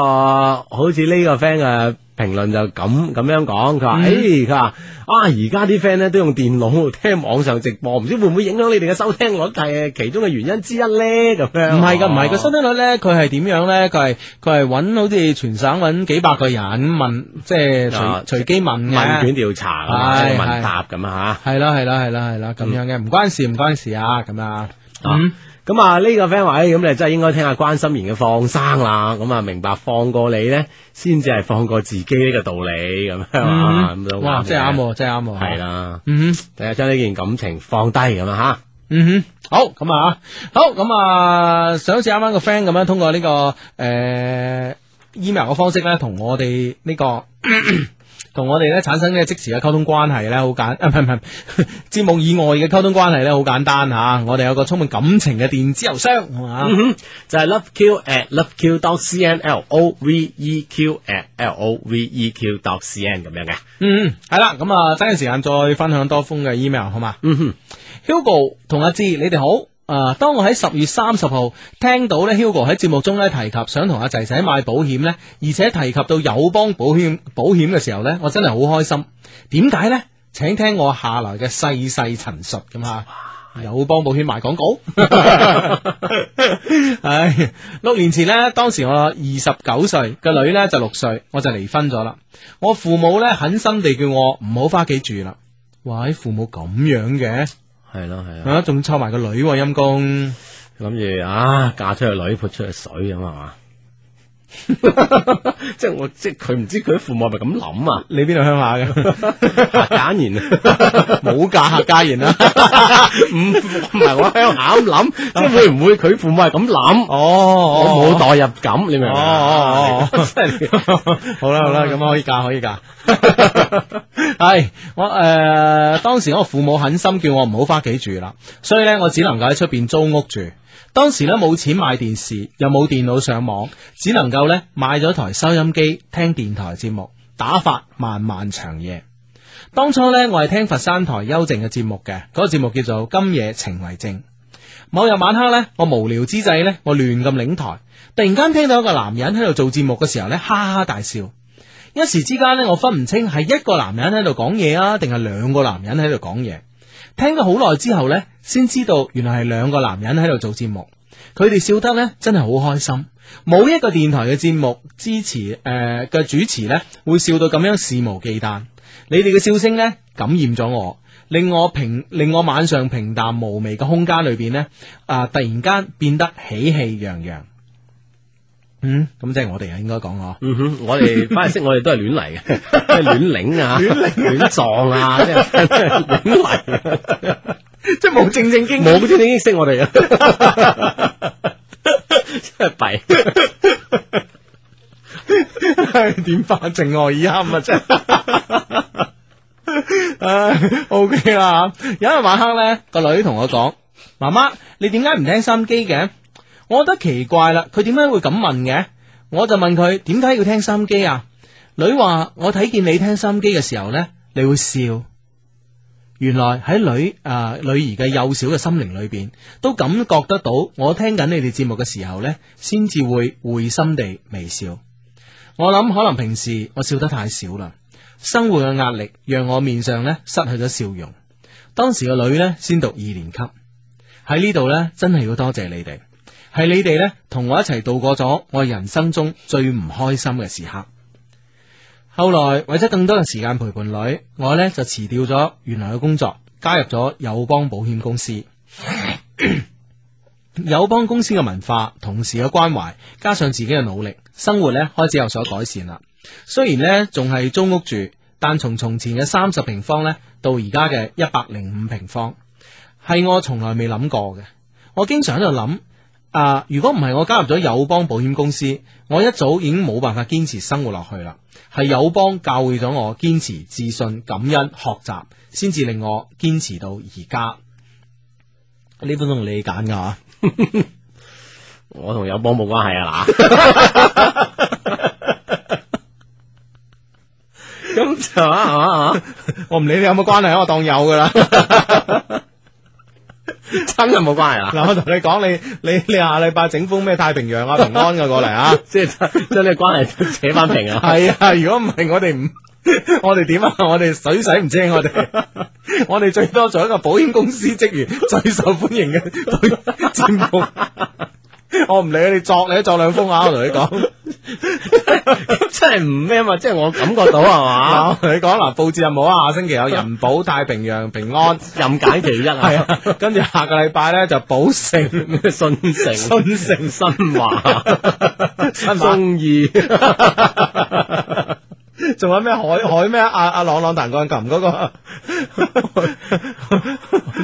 S1: 好似呢個 friend 嘅評論就咁咁樣講，佢話，誒，佢話，啊，而家啲 friend 咧都用電腦聽網上直播，唔知會唔會影響你哋嘅收聽率係其中嘅原因之一咧？咁樣，唔係噶，唔係個收聽率咧，佢係點樣咧？佢係佢係搵好似全省搵幾百個人問，即係隨隨機問問卷調查啊嘛，即係問答咁吓，係啦係啦係啦係啦，咁樣嘅，唔關事唔關事啊，咁啊，嗯。咁啊，呢個 friend 話，咁、哎、你真係應該聽下關心妍嘅放生啦。咁啊，明白放過你咧，先至係放過自己呢個道理，咁樣啊。哇，真係啱，真係啱。係啦，
S2: 嗯
S1: 哼，第日將呢件感情放低咁啊，吓，嗯哼，嗯哼，好，咁啊，好，咁啊，上次啱啱個 friend 咁樣通過呢、這個誒、呃、email 嘅方式咧，同我哋呢、這個。 同我哋咧產生咧即時嘅溝通關係咧，好簡，誒唔係唔係節目以外嘅溝通關係咧，好簡單吓。我哋有個充滿感情嘅電子郵箱，啊，就係 loveq at loveq dot c n l o v e q at l o v e q dot c n 咁樣嘅。嗯嗯，係啦，咁啊，等陣時間再分享多封嘅 email，好嘛，嗯哼，Hugo 同阿芝你哋好。啊！當我喺十月三十號聽到咧，Hugo 喺節目中咧提及想同阿仔仔買保險咧，而且提及到友邦保險保險嘅時候咧，我真係好開心。點解呢？請聽我下嚟嘅細細陳述咁吓。哇友邦保險賣廣告？唉、 哎，六年前呢，當時我二十九歲，個女咧就六歲，我就離婚咗啦。我父母咧狠心地叫我唔好翻屋企住啦。喂，父母咁樣嘅？係咯係，啊，仲湊埋個女陰公，諗住啊，嫁出去女潑出去水咁係嘛？即係我即係佢唔知佢父母係咪咁諗啊？你邊度鄉下嘅？ 簡然，啊， 冇嫁客家。賢啊，唔唔係我鄉下咁諗，即係會唔會佢父母係咁諗？哦，我冇代入感，哦，你明唔明啊？哦， 真係好啦好啦，咁可以嫁可以嫁。可以嫁係 我誒、呃，當時我父母狠心叫我唔好翻屋企住啦，所以咧我只能夠喺出邊租屋住。當時咧冇錢買電視，又冇電腦上網，只能夠咧買咗台收音機聽電台節目，打發漫漫長夜。當初咧我係聽佛山台幽靜嘅節目嘅，嗰、那個節目叫做《今夜情為證》。某日晚黑咧，我無聊之際咧，我亂咁擰台，突然間聽到一個男人喺度做節目嘅時候咧，哈哈大笑。一時之間咧，我分唔清係一個男人喺度講嘢啊，定係兩個男人喺度講嘢。聽咗好耐之後呢，先知道原來係兩個男人喺度做節目。佢哋笑得呢真係好開心。冇一個電台嘅節目支持，誒、呃、嘅主持呢，會笑到咁樣肆無忌憚。你哋嘅笑聲呢，感染咗我，令我平令我晚上平淡無味嘅空間裏邊呢，啊、呃，突然間變得喜氣洋洋。嗯，咁即係我哋應該講我，嗯、哼我哋翻嚟識我哋都係亂嚟嘅，即係亂擰啊，亂撞 啊，即係亂
S2: 嚟，即係冇正正經冇正
S1: 正經識我哋啊，真係弊，點翻、啊、正，經經正經經我而家啊 真， 唉、啊真 啊、，OK 啦，有一晚黑咧，個女同我講，媽媽，你點解唔聽心機嘅？我覺得奇怪啦，佢點解會咁問嘅？我就問佢點解要聽心機啊？女話我睇見你聽心機嘅時候呢，你會笑。原來喺女啊、呃、女兒嘅幼小嘅心靈裏邊，都感覺得到我聽緊你哋節目嘅時候呢，先至會會心地微笑。我諗可能平時我笑得太少啦，生活嘅壓力讓我面上呢失去咗笑容。當時個女呢，先讀二年級喺呢度呢，真係要多謝你哋。係你哋呢，同我一齊度過咗我人生中最唔開心嘅時刻。後來為咗更多嘅時間陪伴女，我呢就辭掉咗原來嘅工作，加入咗友邦保險公司。 友邦公司嘅文化，同事嘅關懷，加上自己嘅努力，生活呢開始有所改善啦。雖然呢仲係租屋住，但從從前嘅三十平方呢到而家嘅一百零五平方，係我從來未諗過嘅。我經常喺度諗。啊！如果唔係我加入咗友邦保險公司，我一早已經冇辦法堅持生活落去啦。係友邦教會咗我堅持、自信、感恩、學習，先至令我堅持到而家。呢本都同你揀噶、啊、 我同友邦冇關係啊嗱。咁就啊啊啊！我唔理你有冇關係，我當有噶啦。 真係冇關係啦、啊！嗱，我同你講，你你你下禮拜整封咩太平洋啊平安嘅過嚟啊，即係將呢個關係扯翻平啊！係啊，如果唔係我哋唔我哋點啊？我哋水洗唔清我， 我哋我哋最多做一個保險公司職員最受歡迎嘅節目。 我唔理你作，你作你都作兩封啊！我同你講，即係唔咩嘛，即係我感覺到係嘛。 你講嗱，布置任務啊？下星期有人保太平洋平安， 任揀其一係啊，跟住下個禮拜咧就保盛 信盛成信盛新華
S2: 中意
S1: 仲有咩海海咩啊？阿朗朗彈鋼琴嗰個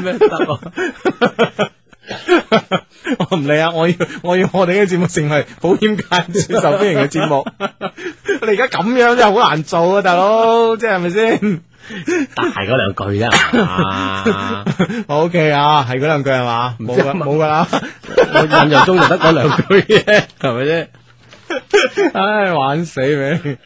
S1: 咩得啊？啊浪浪浪 我唔理啊！我要我要我哋嘅節目成為保險界最受歡迎嘅節目。我哋而家咁樣真係好難做啊，大佬，即係咪先？
S2: 大嗰兩句啫。
S1: OK 啊，係嗰兩句係嘛？冇噶冇噶啦，
S2: 我印象中就得嗰兩句啫，
S1: 係咪啫？ 唉，玩死你！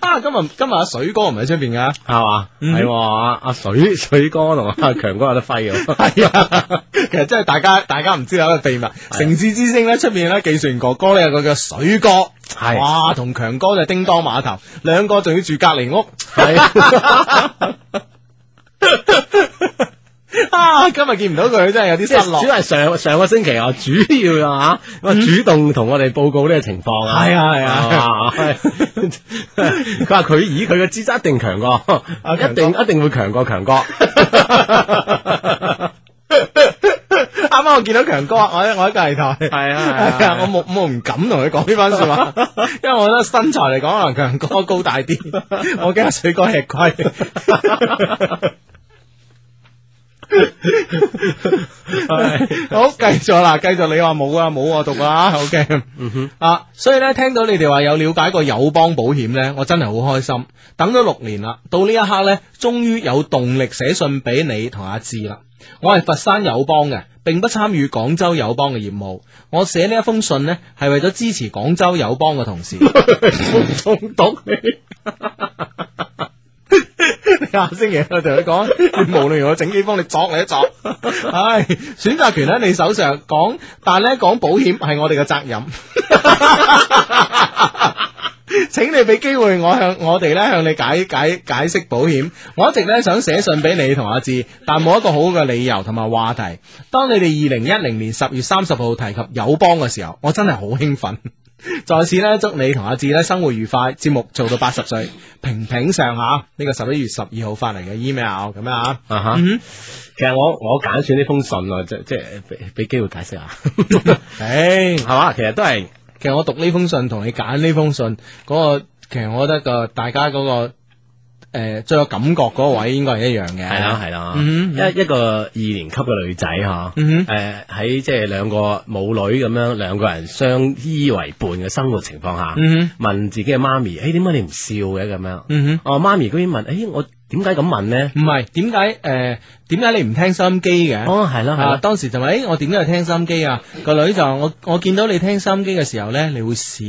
S1: 啊！今日今日阿水哥唔喺出邊噶，係嘛吧？係阿阿水水哥同阿、啊、強哥有得揮啊，係 啊！其實真係大家大家唔知有一個秘密，啊、城市之星咧出面咧技術員哥哥咧有個叫水哥，係、啊、哇，同強哥就叮當碼頭，兩個仲要住隔籬
S2: 屋。係。
S1: 今日見唔到佢真係有啲失落。主要係上上個星期啊，主要啊，我主動同我哋報告呢個情況啊。係啊係啊，佢話佢以佢嘅資質一定強過，一定一定會強過強哥。啱啱我見到強哥，我我喺隔籬台。係啊，我冇我唔敢同佢講呢番說話，因爲我覺得身材嚟講，可能強哥高大啲，我驚水哥吃虧。 好，繼續啦，繼續。你話冇啊，冇我讀啊。OK，嗯哼，啊，所以咧，聽到你哋話有了解過友邦保險呢，我真係好開心。等咗六年啦，到呢一刻呢，終於有動力寫信俾你同阿志啦。我係佛山友邦嘅，並不參與廣州友邦嘅業務。我寫呢一封信呢，係為咗支持廣州友邦嘅同事。讀懂 下星期我同你講，無論我整機幫，你捉嚟一捉。唉，選擇權喺你手上，講，但係咧講保險係我哋嘅責任，請你俾機會我向我哋咧向你解解解釋保險。我一直咧想寫信俾你同阿志，但係冇一個好嘅理由同埋話題。當你哋二零一零年十月三十號提及友邦嘅時候，我真係好興奮。在此咧，祝你同阿志咧生活愉快，節目做到八十歲平平上下。呢個十一月十二號發嚟嘅 email 咁樣啊，這個、ail, 啊哈，uh huh. 其實我我揀選呢封信，即即俾俾機會解釋下，誒，係嘛？其實都係，其實我讀呢封信同你揀呢封信嗰、嗰個，其實我覺得個大家嗰、嗰個。誒、呃，最有感覺嗰位應該係一樣嘅，係啦係啦，嗯、哼一一個二年級嘅女仔嚇，誒喺即係兩個母女咁樣兩個人相依為伴嘅生活情況下，嗯、哼問自己嘅媽咪，誒點解你唔笑嘅咁樣？哦、嗯哼啊、媽咪居然問，誒、欸、我點解咁問呢？唔係點解？誒點解你唔聽收音機嘅？哦係啦、啊，當時就話，誒、欸、我點解要聽收音機啊？個女就我我見到你聽收音機嘅時候咧，你會笑。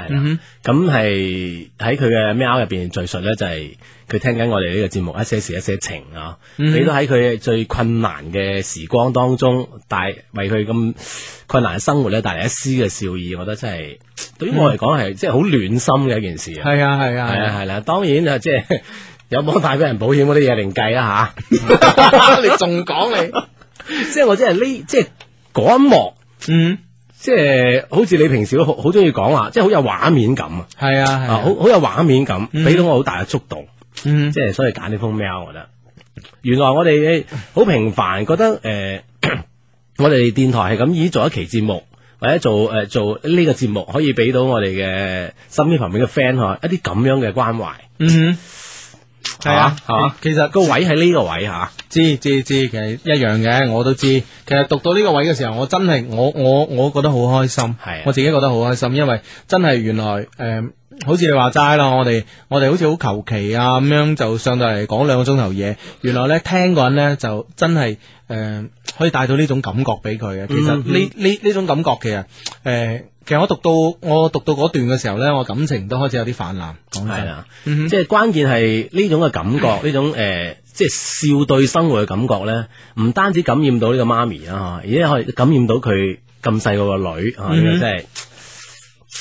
S1: 係啦，咁係喺佢嘅 mail 入邊敘述咧，就係佢聽緊我哋呢個節目一些事一些情啊。你都喺佢最困難嘅時光當中，帶為佢咁困難嘅生活咧帶嚟一絲嘅笑意，我覺得真係對於我嚟講係即係好暖心嘅一件事。係啊係啊係啊係啦，當然啊即係有冇帶俾人保險嗰啲嘢另計啦吓，你仲講你，即係我真係呢即係嗰一幕，嗯。即係好似你平時都好好中意講話，即係好有畫面感啊！係啊，係啊，好好有畫面感，俾、嗯、哼到我好大嘅觸動。嗯哼，即係所以揀呢封 mail，我覺得原來我哋好平凡，覺得誒、呃，我哋電台係咁以做一期節目，或者做誒、呃、做呢個節目，可以俾到我哋嘅身邊旁邊嘅 friend 嗬，一啲咁樣嘅關懷。嗯。
S2: 係啊，吓，
S1: 其實個位喺呢個位吓、啊，知知知，其實一樣嘅，我都知。其實讀到呢個位嘅時候，我真係我我我覺得好開心，係、啊，我自己覺得好開心，因為真係原來誒、呃，好似你話齋啦，我哋我哋好似好求其啊咁樣就上到嚟講兩個鐘頭嘢，原來咧聽嗰人咧就真係誒、呃、可以帶到呢種感覺俾佢嘅，其實呢呢呢種感覺其實誒。呃其實我讀到我讀到嗰段嘅時候咧，我感情都開始有啲泛濫，係啦，啊嗯、
S2: 哼即係關
S1: 鍵係呢種嘅感覺，呢、嗯、哼種誒、呃，即係笑對生活嘅感覺咧，唔單止感染到呢個媽咪啊，而且可以感染到佢咁細個個女啊，呢真係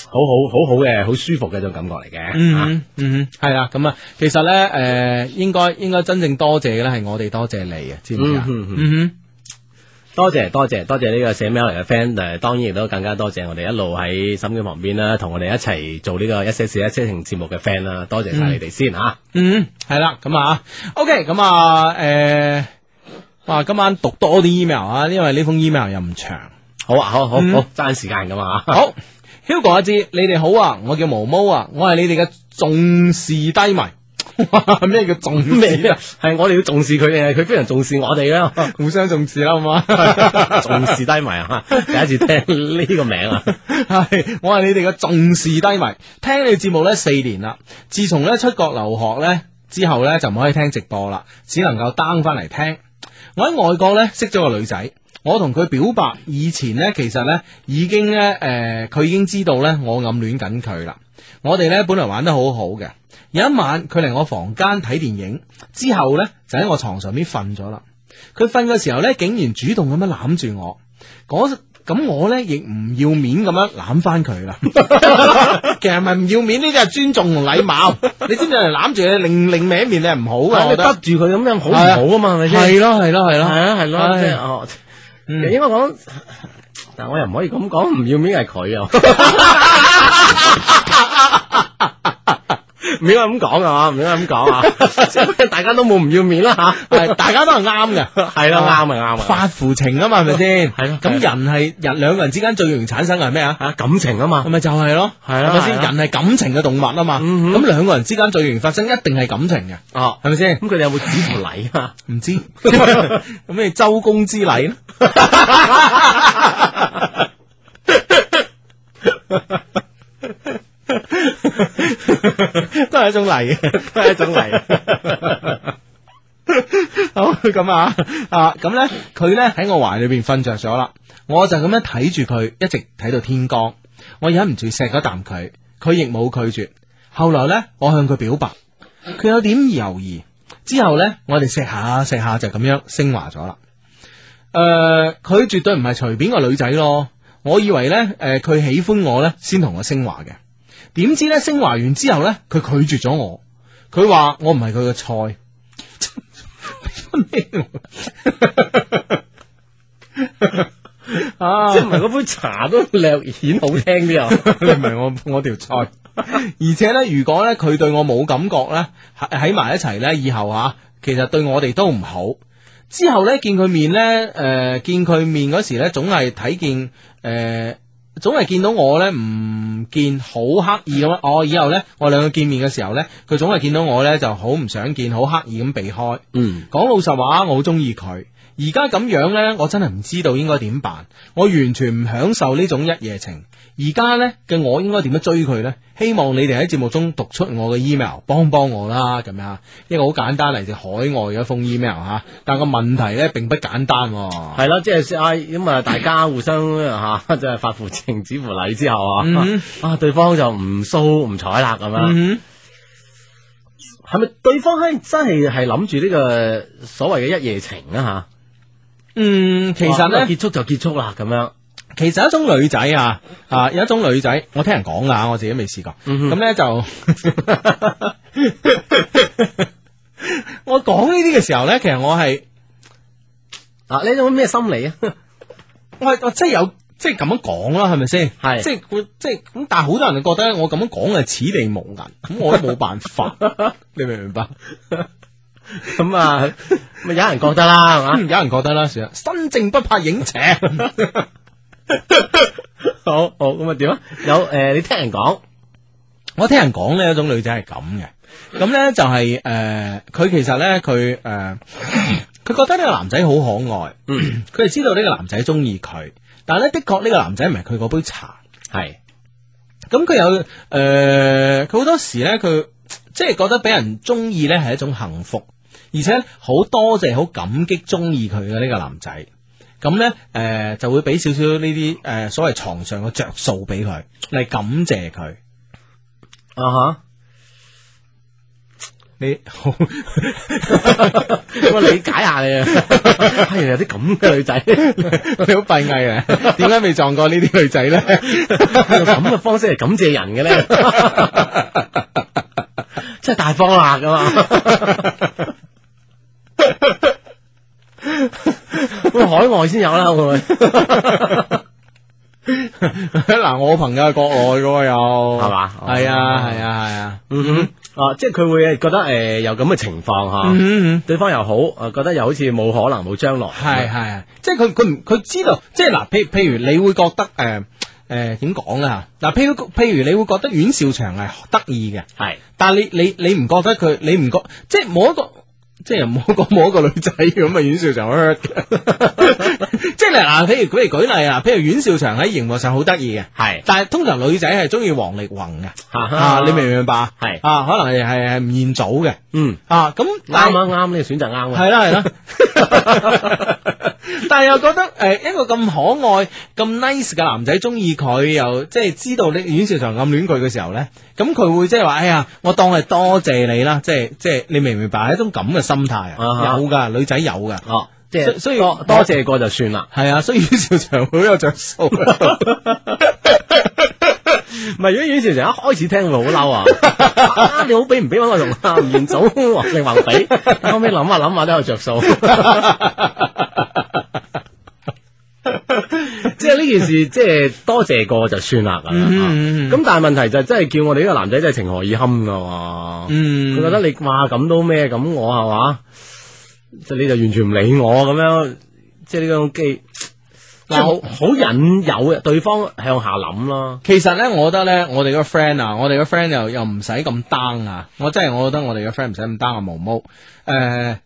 S1: 好好好好嘅，好舒服嘅種感覺嚟嘅，嗯哼嗯係哼啦，咁、嗯、啊，其實咧誒、呃，應該應該真正多謝嘅咧，係我哋多謝你啊，知唔知啊？多謝多謝多謝呢個寫 mail 嚟嘅 friend，誒，當然亦都更加多謝我哋一路喺心機旁邊啦，同我哋一齊做呢個一些事一些情節目嘅 friend 啦，多謝晒你哋先吓。嗯，係啦，咁啊，OK，咁啊，誒、嗯，啊, okay, 啊、呃哇，今晚讀多啲 email 啊，因為呢封 email 又唔長，好啊，好啊好、啊嗯、好，爭好時間㗎嘛。好 ，Hugo 阿知，你哋好啊，我叫毛毛啊，我係你哋嘅重視低迷。咩叫重視啊？係我哋要重視佢嘅，佢非常重視我哋啦、啊，互相重視啦，好嘛？ 重視低迷啊！第一次聽呢個名、啊，係 我係你哋嘅重視低迷，聽你節目咧四年啦。自從咧出國留學咧之後咧，就唔可以聽直播啦，只能夠 down 翻嚟聽。我喺外國咧識咗個女仔，我同佢表白以前咧，其實咧已經咧誒，佢、呃、已經知道咧我暗戀緊佢啦。我哋咧本來玩得好好嘅。有一晚佢嚟我房間睇電影之後咧就喺我床上面瞓咗啦。佢瞓嘅時候咧竟然主動咁樣攬住我，嗰咁我咧亦唔要面咁樣攬翻佢啦。其實唔係唔要面，呢啲係尊重同禮貌。你知唔知攬住你另另一面你係唔好噶？你得住佢咁樣好唔好啊嘛？係咪先？係咯係咯係咯係啊係咯。即係哦，應該講，但我又唔可以咁講，唔要面係佢啊。.唔應該咁講啊，唔應該咁講啊，大家都冇唔要面啦吓，大家都係啱嘅，係咯，啱啊啱啊，發乎情啊嘛，係咪先？係啦，咁人係人兩個人之間最容易產生係咩啊？啊感情啊嘛，係咪就係咯？
S2: 係咪先？人
S1: 係感情嘅動物啊嘛，咁兩個人之間最容易發生一定係感情嘅，哦係咪先？咁佢哋有冇指條禮啊？唔知咁咩周公之禮呢？ 都係一種嚟嘅，都係一種嚟嘅。 好，咁啊，啊咁呢，佢呢喺我懷裏邊瞓着咗啦。我就咁樣睇住佢，一直睇到天光。我忍唔住錫咗啖佢，佢亦冇拒絕。後來呢，我向佢表白，佢有點猶豫。之後呢，我哋錫下錫下就咁樣升華咗啦。誒、呃，佢絕對唔係隨便個女仔咯。我以為呢，誒、呃，佢喜歡我呢，先同我升華嘅。點知咧升華完之後咧，佢拒絕咗我，佢話我唔係佢嘅菜。
S2: 啊 意， 即係唔係嗰
S1: 杯茶都略顯好聽啲啊！ 你唔係我我條菜。而且咧，如果咧佢對我冇感覺咧，喺喺埋一齊咧，以後吓、啊、其實對我哋都唔好。之後咧見佢面咧，誒，見佢面嗰、呃、時咧，總係睇見誒。呃總係見到我咧唔見好刻意咁、哦，我以後咧我兩個見面嘅時候咧，佢總係見到我咧就好唔想見，好刻意咁避開。嗯，講老實話，我好中意佢，而家咁樣咧，我真係唔知道應該點辦，我完全唔享受呢種一夜情。而家咧嘅我應該點樣追佢咧？希望你哋喺節目中讀出我嘅 email，幫幫我啦咁樣。一個好簡單嚟自，就是，海外嘅一封 email 吓、啊，但個問題咧並不簡單。係咯，即係啊咁啊， 大家互相吓就係發停止扶禮之後、嗯、啊，啊對方就唔瞅唔睬啦咁樣，係咪、嗯、對方係真係係諗住呢個所謂嘅一夜情啊吓？嗯，其實咧結束就結束啦咁樣。其實一種女仔啊啊，有一種女仔，我聽人講㗎，我自己未試過。咁咧、嗯、哼那就， 我講呢啲嘅時候咧，其實我係啊呢種咩心理啊？ 我我真係有。即係咁樣講啦，係咪先？係是即係，即係咁。但係好多人就覺得我咁樣講係此地無銀，咁我都冇辦法。 你明唔明白？咁 啊，咪 有人覺得啦，係嘛、嗯？有人覺得啦，其實身正不怕影斜。 好好咁啊？點啊？有誒、呃？你聽人講， 我聽人講呢，有種女仔係咁嘅。咁咧就係、是、誒，佢、呃、其實咧，佢誒，佢、呃、覺得呢個男仔好可愛，佢係 知道呢個男仔中意佢。但係咧，的確呢個男仔唔係佢嗰杯茶，係咁佢有誒，佢、呃、好多時咧，佢即係覺得俾人中意咧係一種幸福，而且好多謝好感激中意佢嘅呢個男仔，咁咧誒就會俾少少呢啲誒所謂床上嘅着數俾佢嚟感謝佢啊嚇。Uh huh. 你好，我 理解下你。啊。 係有啲咁嘅女仔，你好閉翳啊？點解未撞過呢啲女仔咧？ 用咁嘅方式嚟感謝人嘅咧？真 係大方啦，㗎嘛！
S2: 咁啊，海外先有啦，我會。
S1: 嗱， 我朋友喺國外嘅喎，又係嘛？係啊，係啊，係啊，啊嗯，啊，即係佢會覺得誒、呃，有咁嘅情況吓，啊嗯嗯、對方又好，啊，覺得又好似冇可能冇將來，係係、嗯哼麼啊，即係佢佢唔佢知道，哦、即係嗱，譬譬，譬如你會覺得誒誒，點講咧？嗱，譬譬，譬如你會覺得阮兆祥係得意嘅，係的，但係你你你唔覺得佢，你唔覺，即係冇一個。.即係摸個摸一個女仔咁啊，阮兆祥嘅。 即係嗱，譬如舉例舉例啊，譬如阮兆祥喺熒幕上好得意嘅，係是，但係通常女仔係中意王力宏嘅，啊，啊啊你明唔明白係是啊，可能係係係吳彥祖嘅，嗯，啊，咁啱啱，啱咧？你選擇啱，係啦係啦。 但係又覺得誒、呃，一個咁可愛、咁 nice 嘅男仔中意佢，又即係知道你阮兆祥暗戀佢嘅時候咧，咁佢會即係話，哎呀，我當係多謝你啦，即係即係你明唔明白？係一種咁嘅心態啊，uh huh. 有噶女仔有噶，哦、uh，即、huh. 係
S2: 所以我多，多謝
S1: 過就算啦。係啊、嗯，所以
S2: 阮兆祥好有着數。
S1: 唔係， 如果阮兆祥一開始聽佢好嬲啊！你好俾唔俾我同吳彥祖、黃聖宏肥，後尾諗下諗下都有着數。 件事即係多謝過就算啦，咁、嗯啊、但係問題就真係叫我哋呢個男仔真係情何以堪噶，佢、嗯、覺得你話咁都咩咁我係嘛，就你就完全唔理我咁樣，即係呢種機，
S2: 但係好
S1: 好引誘對方向下諗咯。其實咧，我覺得咧，我哋個 friend 啊，我哋個 friend 又又唔使咁 down 啊，我真係我覺得我哋個 friend 唔使咁 down 啊毛毛誒。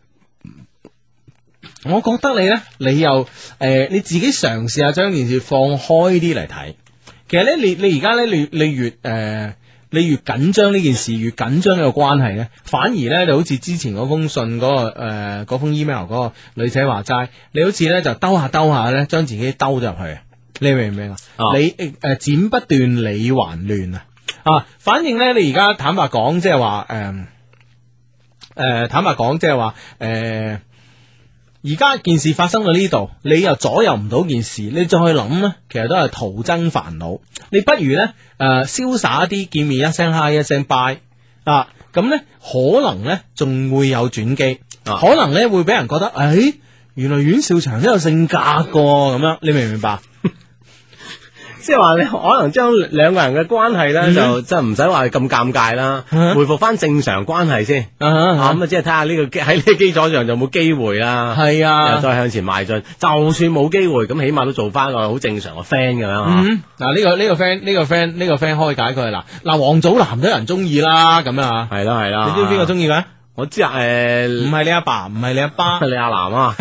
S1: 我覺得你咧，你又誒、呃，你自己嘗試下將件事放開啲嚟睇。其實咧，你你而家咧，你呢你越誒，你越緊張呢件事，越緊張呢個關係咧，反而咧就好似之前嗰封信嗰、嗰個誒、呃、封 email 嗰個女仔話齋，你好似咧就兜下兜下咧，將自己兜咗入去。你明唔明啊？Oh. 你誒剪、呃、不斷理還亂啊！啊，反正咧你而家坦白講，即係話誒誒，坦白講，即係話誒。呃而家件事發生到呢度，你又左右唔到件事，你再去諗呢，其實都係徒增煩惱。你不如呢，誒、呃、瀟灑啲，見面一聲嗨，一聲拜啊，咁呢，可能呢，仲會有轉機，可能呢，會俾人覺得，誒、哎、原來阮兆祥都有性格㗎咁樣，你明唔明白？即係話你可能將兩個人嘅關係咧，就即係唔使話咁尷尬啦，回復翻正常關係先。咁啊，即係睇下呢個喺呢個基礎上就有冇機會啦。係啊，再向前邁進。就算冇機會，咁起碼都做翻個好正常嘅 friend 咁樣嗱，呢個呢個 friend，呢個 friend，呢個 friend 開解佢啦。嗱嗱，王祖藍都有人中意啦。咁啊，係啦係啦。你知邊個中意嘅我知啊。誒，唔係你阿爸，唔係你阿爸，係你阿男啊。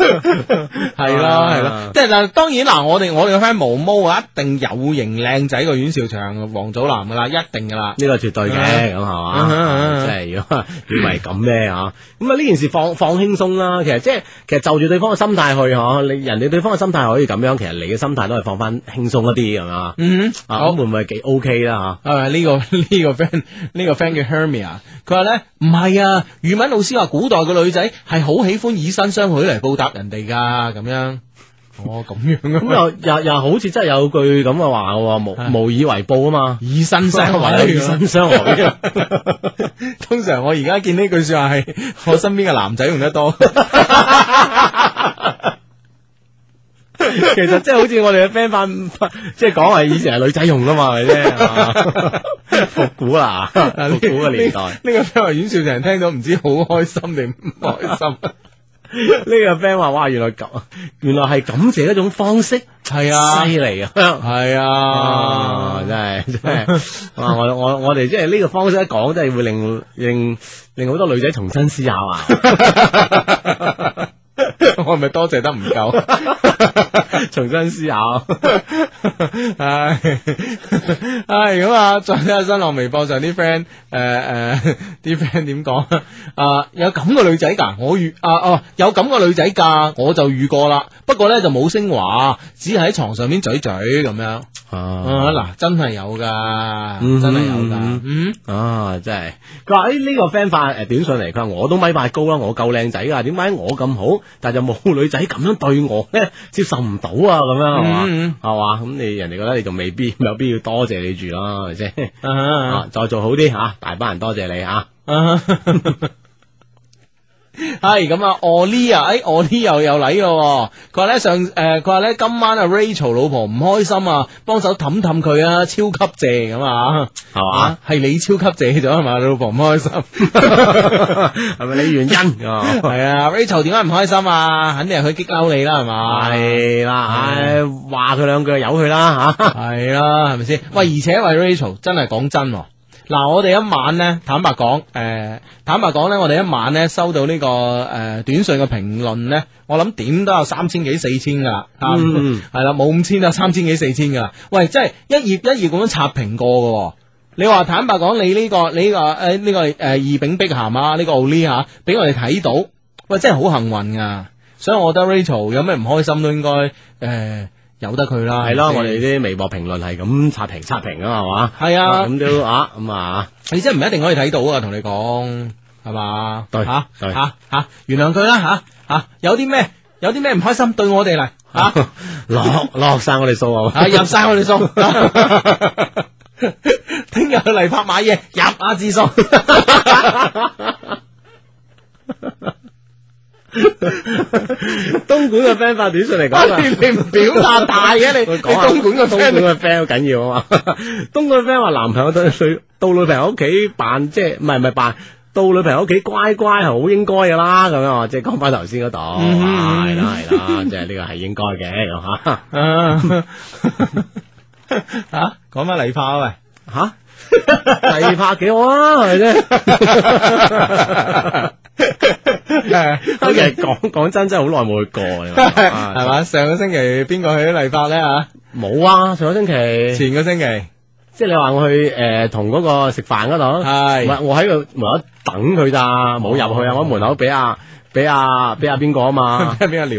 S2: 係啦，係啦，即係嗱，當然
S1: 嗱，我哋我哋嘅 friend 毛毛啊，一定有型靚仔過阮兆祥、王祖藍噶啦，一定噶啦，呢個絕對嘅，咁係嘛，即係如果變埋咁咩嗬，咁啊呢件事放放輕鬆啦，其實即係其實就住對方嘅心態去嗬，你人哋對方嘅心態可以咁樣，其實你嘅心態都係放翻輕鬆一啲，係嘛，
S2: 嗯，啊，我會
S1: 唔會幾 OK 啦吓，啊呢個呢個 friend 呢個 friend 叫 Hermia，佢話咧唔係啊，余文老師話古代嘅女仔係好喜歡以身相許嚟報答。人哋噶咁樣，哦咁樣、啊，咁、嗯、 又又又好似真係有句咁嘅話，無無以為報啊嘛， 以身相為，以身相許。通常我而家見呢句說話係我身邊嘅男仔用得多。 其實即係好似我哋嘅 friend 發即係講係以前係女仔用噶嘛，係咪先？復古啦，復 古嘅年代。呢、這個番話玩笑，成、這、日、個、聽到唔知好開心定唔開心。 呢 個 friend 話：哇，原來咁，原來係感謝一種方式，係啊，犀利啊，係啊，真係真係，哇，我我我哋即係呢個方式一講，真係會令令令好多女仔重新思考啊！ 我係咪多謝得唔夠？ 重新思考、 哎。唉唉，如果啊，再睇下新浪微博上啲 friend，誒誒，啲 friend 點講？啊，有咁個女仔噶？我遇啊哦，有咁個女仔噶，我就遇過啦。不過咧就冇升華，只係喺床上面咀咀咁樣。
S2: 啊嗱，
S1: 真係有噶，嗯、哼真係有噶、嗯。嗯啊，真係。佢話誒呢個 friend 發誒短信嚟，佢、呃、話我都米八高啦，我夠靚仔噶，點解我咁好，但係就冇女仔咁樣對我呢，接受唔到。好、嗯、啊，咁樣係嘛，係嘛，咁你人哋覺得你仲未必有必要多謝你住、啊、咯，係咪先？再做好啲吓、啊，大班人多謝你吓。啊啊啊 係咁啊，Olia，哎 o l i 又又禮嘅，佢話咧上誒，佢話咧今晚阿 Rachel 老婆唔開心啊，幫手氹氹佢啊，超級正咁啊，係嘛吧，係、啊、你超級正咗係嘛，你老婆唔開心，係 咪 你原因？係啊，Rachel 點解唔開心啊？肯定係佢激嬲你啦，係嘛，係 Wow.、啊啊、啦，唉，話佢兩句，由佢啦吓，係啦，係咪先？喂，而且喂 Rachel，真係講真。嗱，我哋一晚咧，坦白講，誒、呃，坦白講咧，我哋一晚咧收到，這個呃、呢個誒短信嘅評論咧，我諗點都有三千幾四千噶，嚇，係啦、嗯，
S2: 冇
S1: 五千啊，三千幾四千噶。喂，即係一頁一頁咁樣刷評過嘅，哦。你話坦白講，這個，你呢、這個你、呃這個誒呢、呃這個誒二丙碧鹹啊，呢、呃這個 Ollie 嚇，俾、呃這個、我哋睇到，喂，真係好幸運噶。所以我覺得 Rachel 有咩唔開心都應該誒。呃由得佢啦，係咯， 我哋啲微博評論係咁刷屏刷屏噶係嘛，係是啊,啊，咁都啊咁啊，你真係唔一定可以睇到對對啊，同你講係嘛，對啊對啊原諒佢啦吓吓，有啲咩有啲咩唔開心，對我哋嚟吓，落落晒我哋數啊，入晒 我哋數，聽日嚟拍買嘢入下志數。 東莞嘅 friend 發短信嚟講，你唔表達大嘅
S2: 你，你東莞嘅東莞
S1: 嘅 friend 好緊要啊嘛。 東莞嘅 friend 話男朋友到女朋友屋企扮即係唔係唔係扮到女朋友屋企乖乖係好應該噶啦咁樣，即係講翻頭先嗰度，係啦係啦， 即係呢個係應該嘅吓。吓，講翻禮炮啊喂，吓、啊。係 拍啊，係咪先？其實講講真，真係好耐冇去過啦，係嘛？ 吧上個星期邊個去咗例發咧？啊，冇啊！上個星期，星期前個星期，即係你話我去誒，同、呃、嗰個食飯嗰度，唔係是，我喺個門口等佢咋，冇入去、oh, 啊！我喺門口俾啊，俾啊，俾啊，邊個啊嘛？俾阿廖。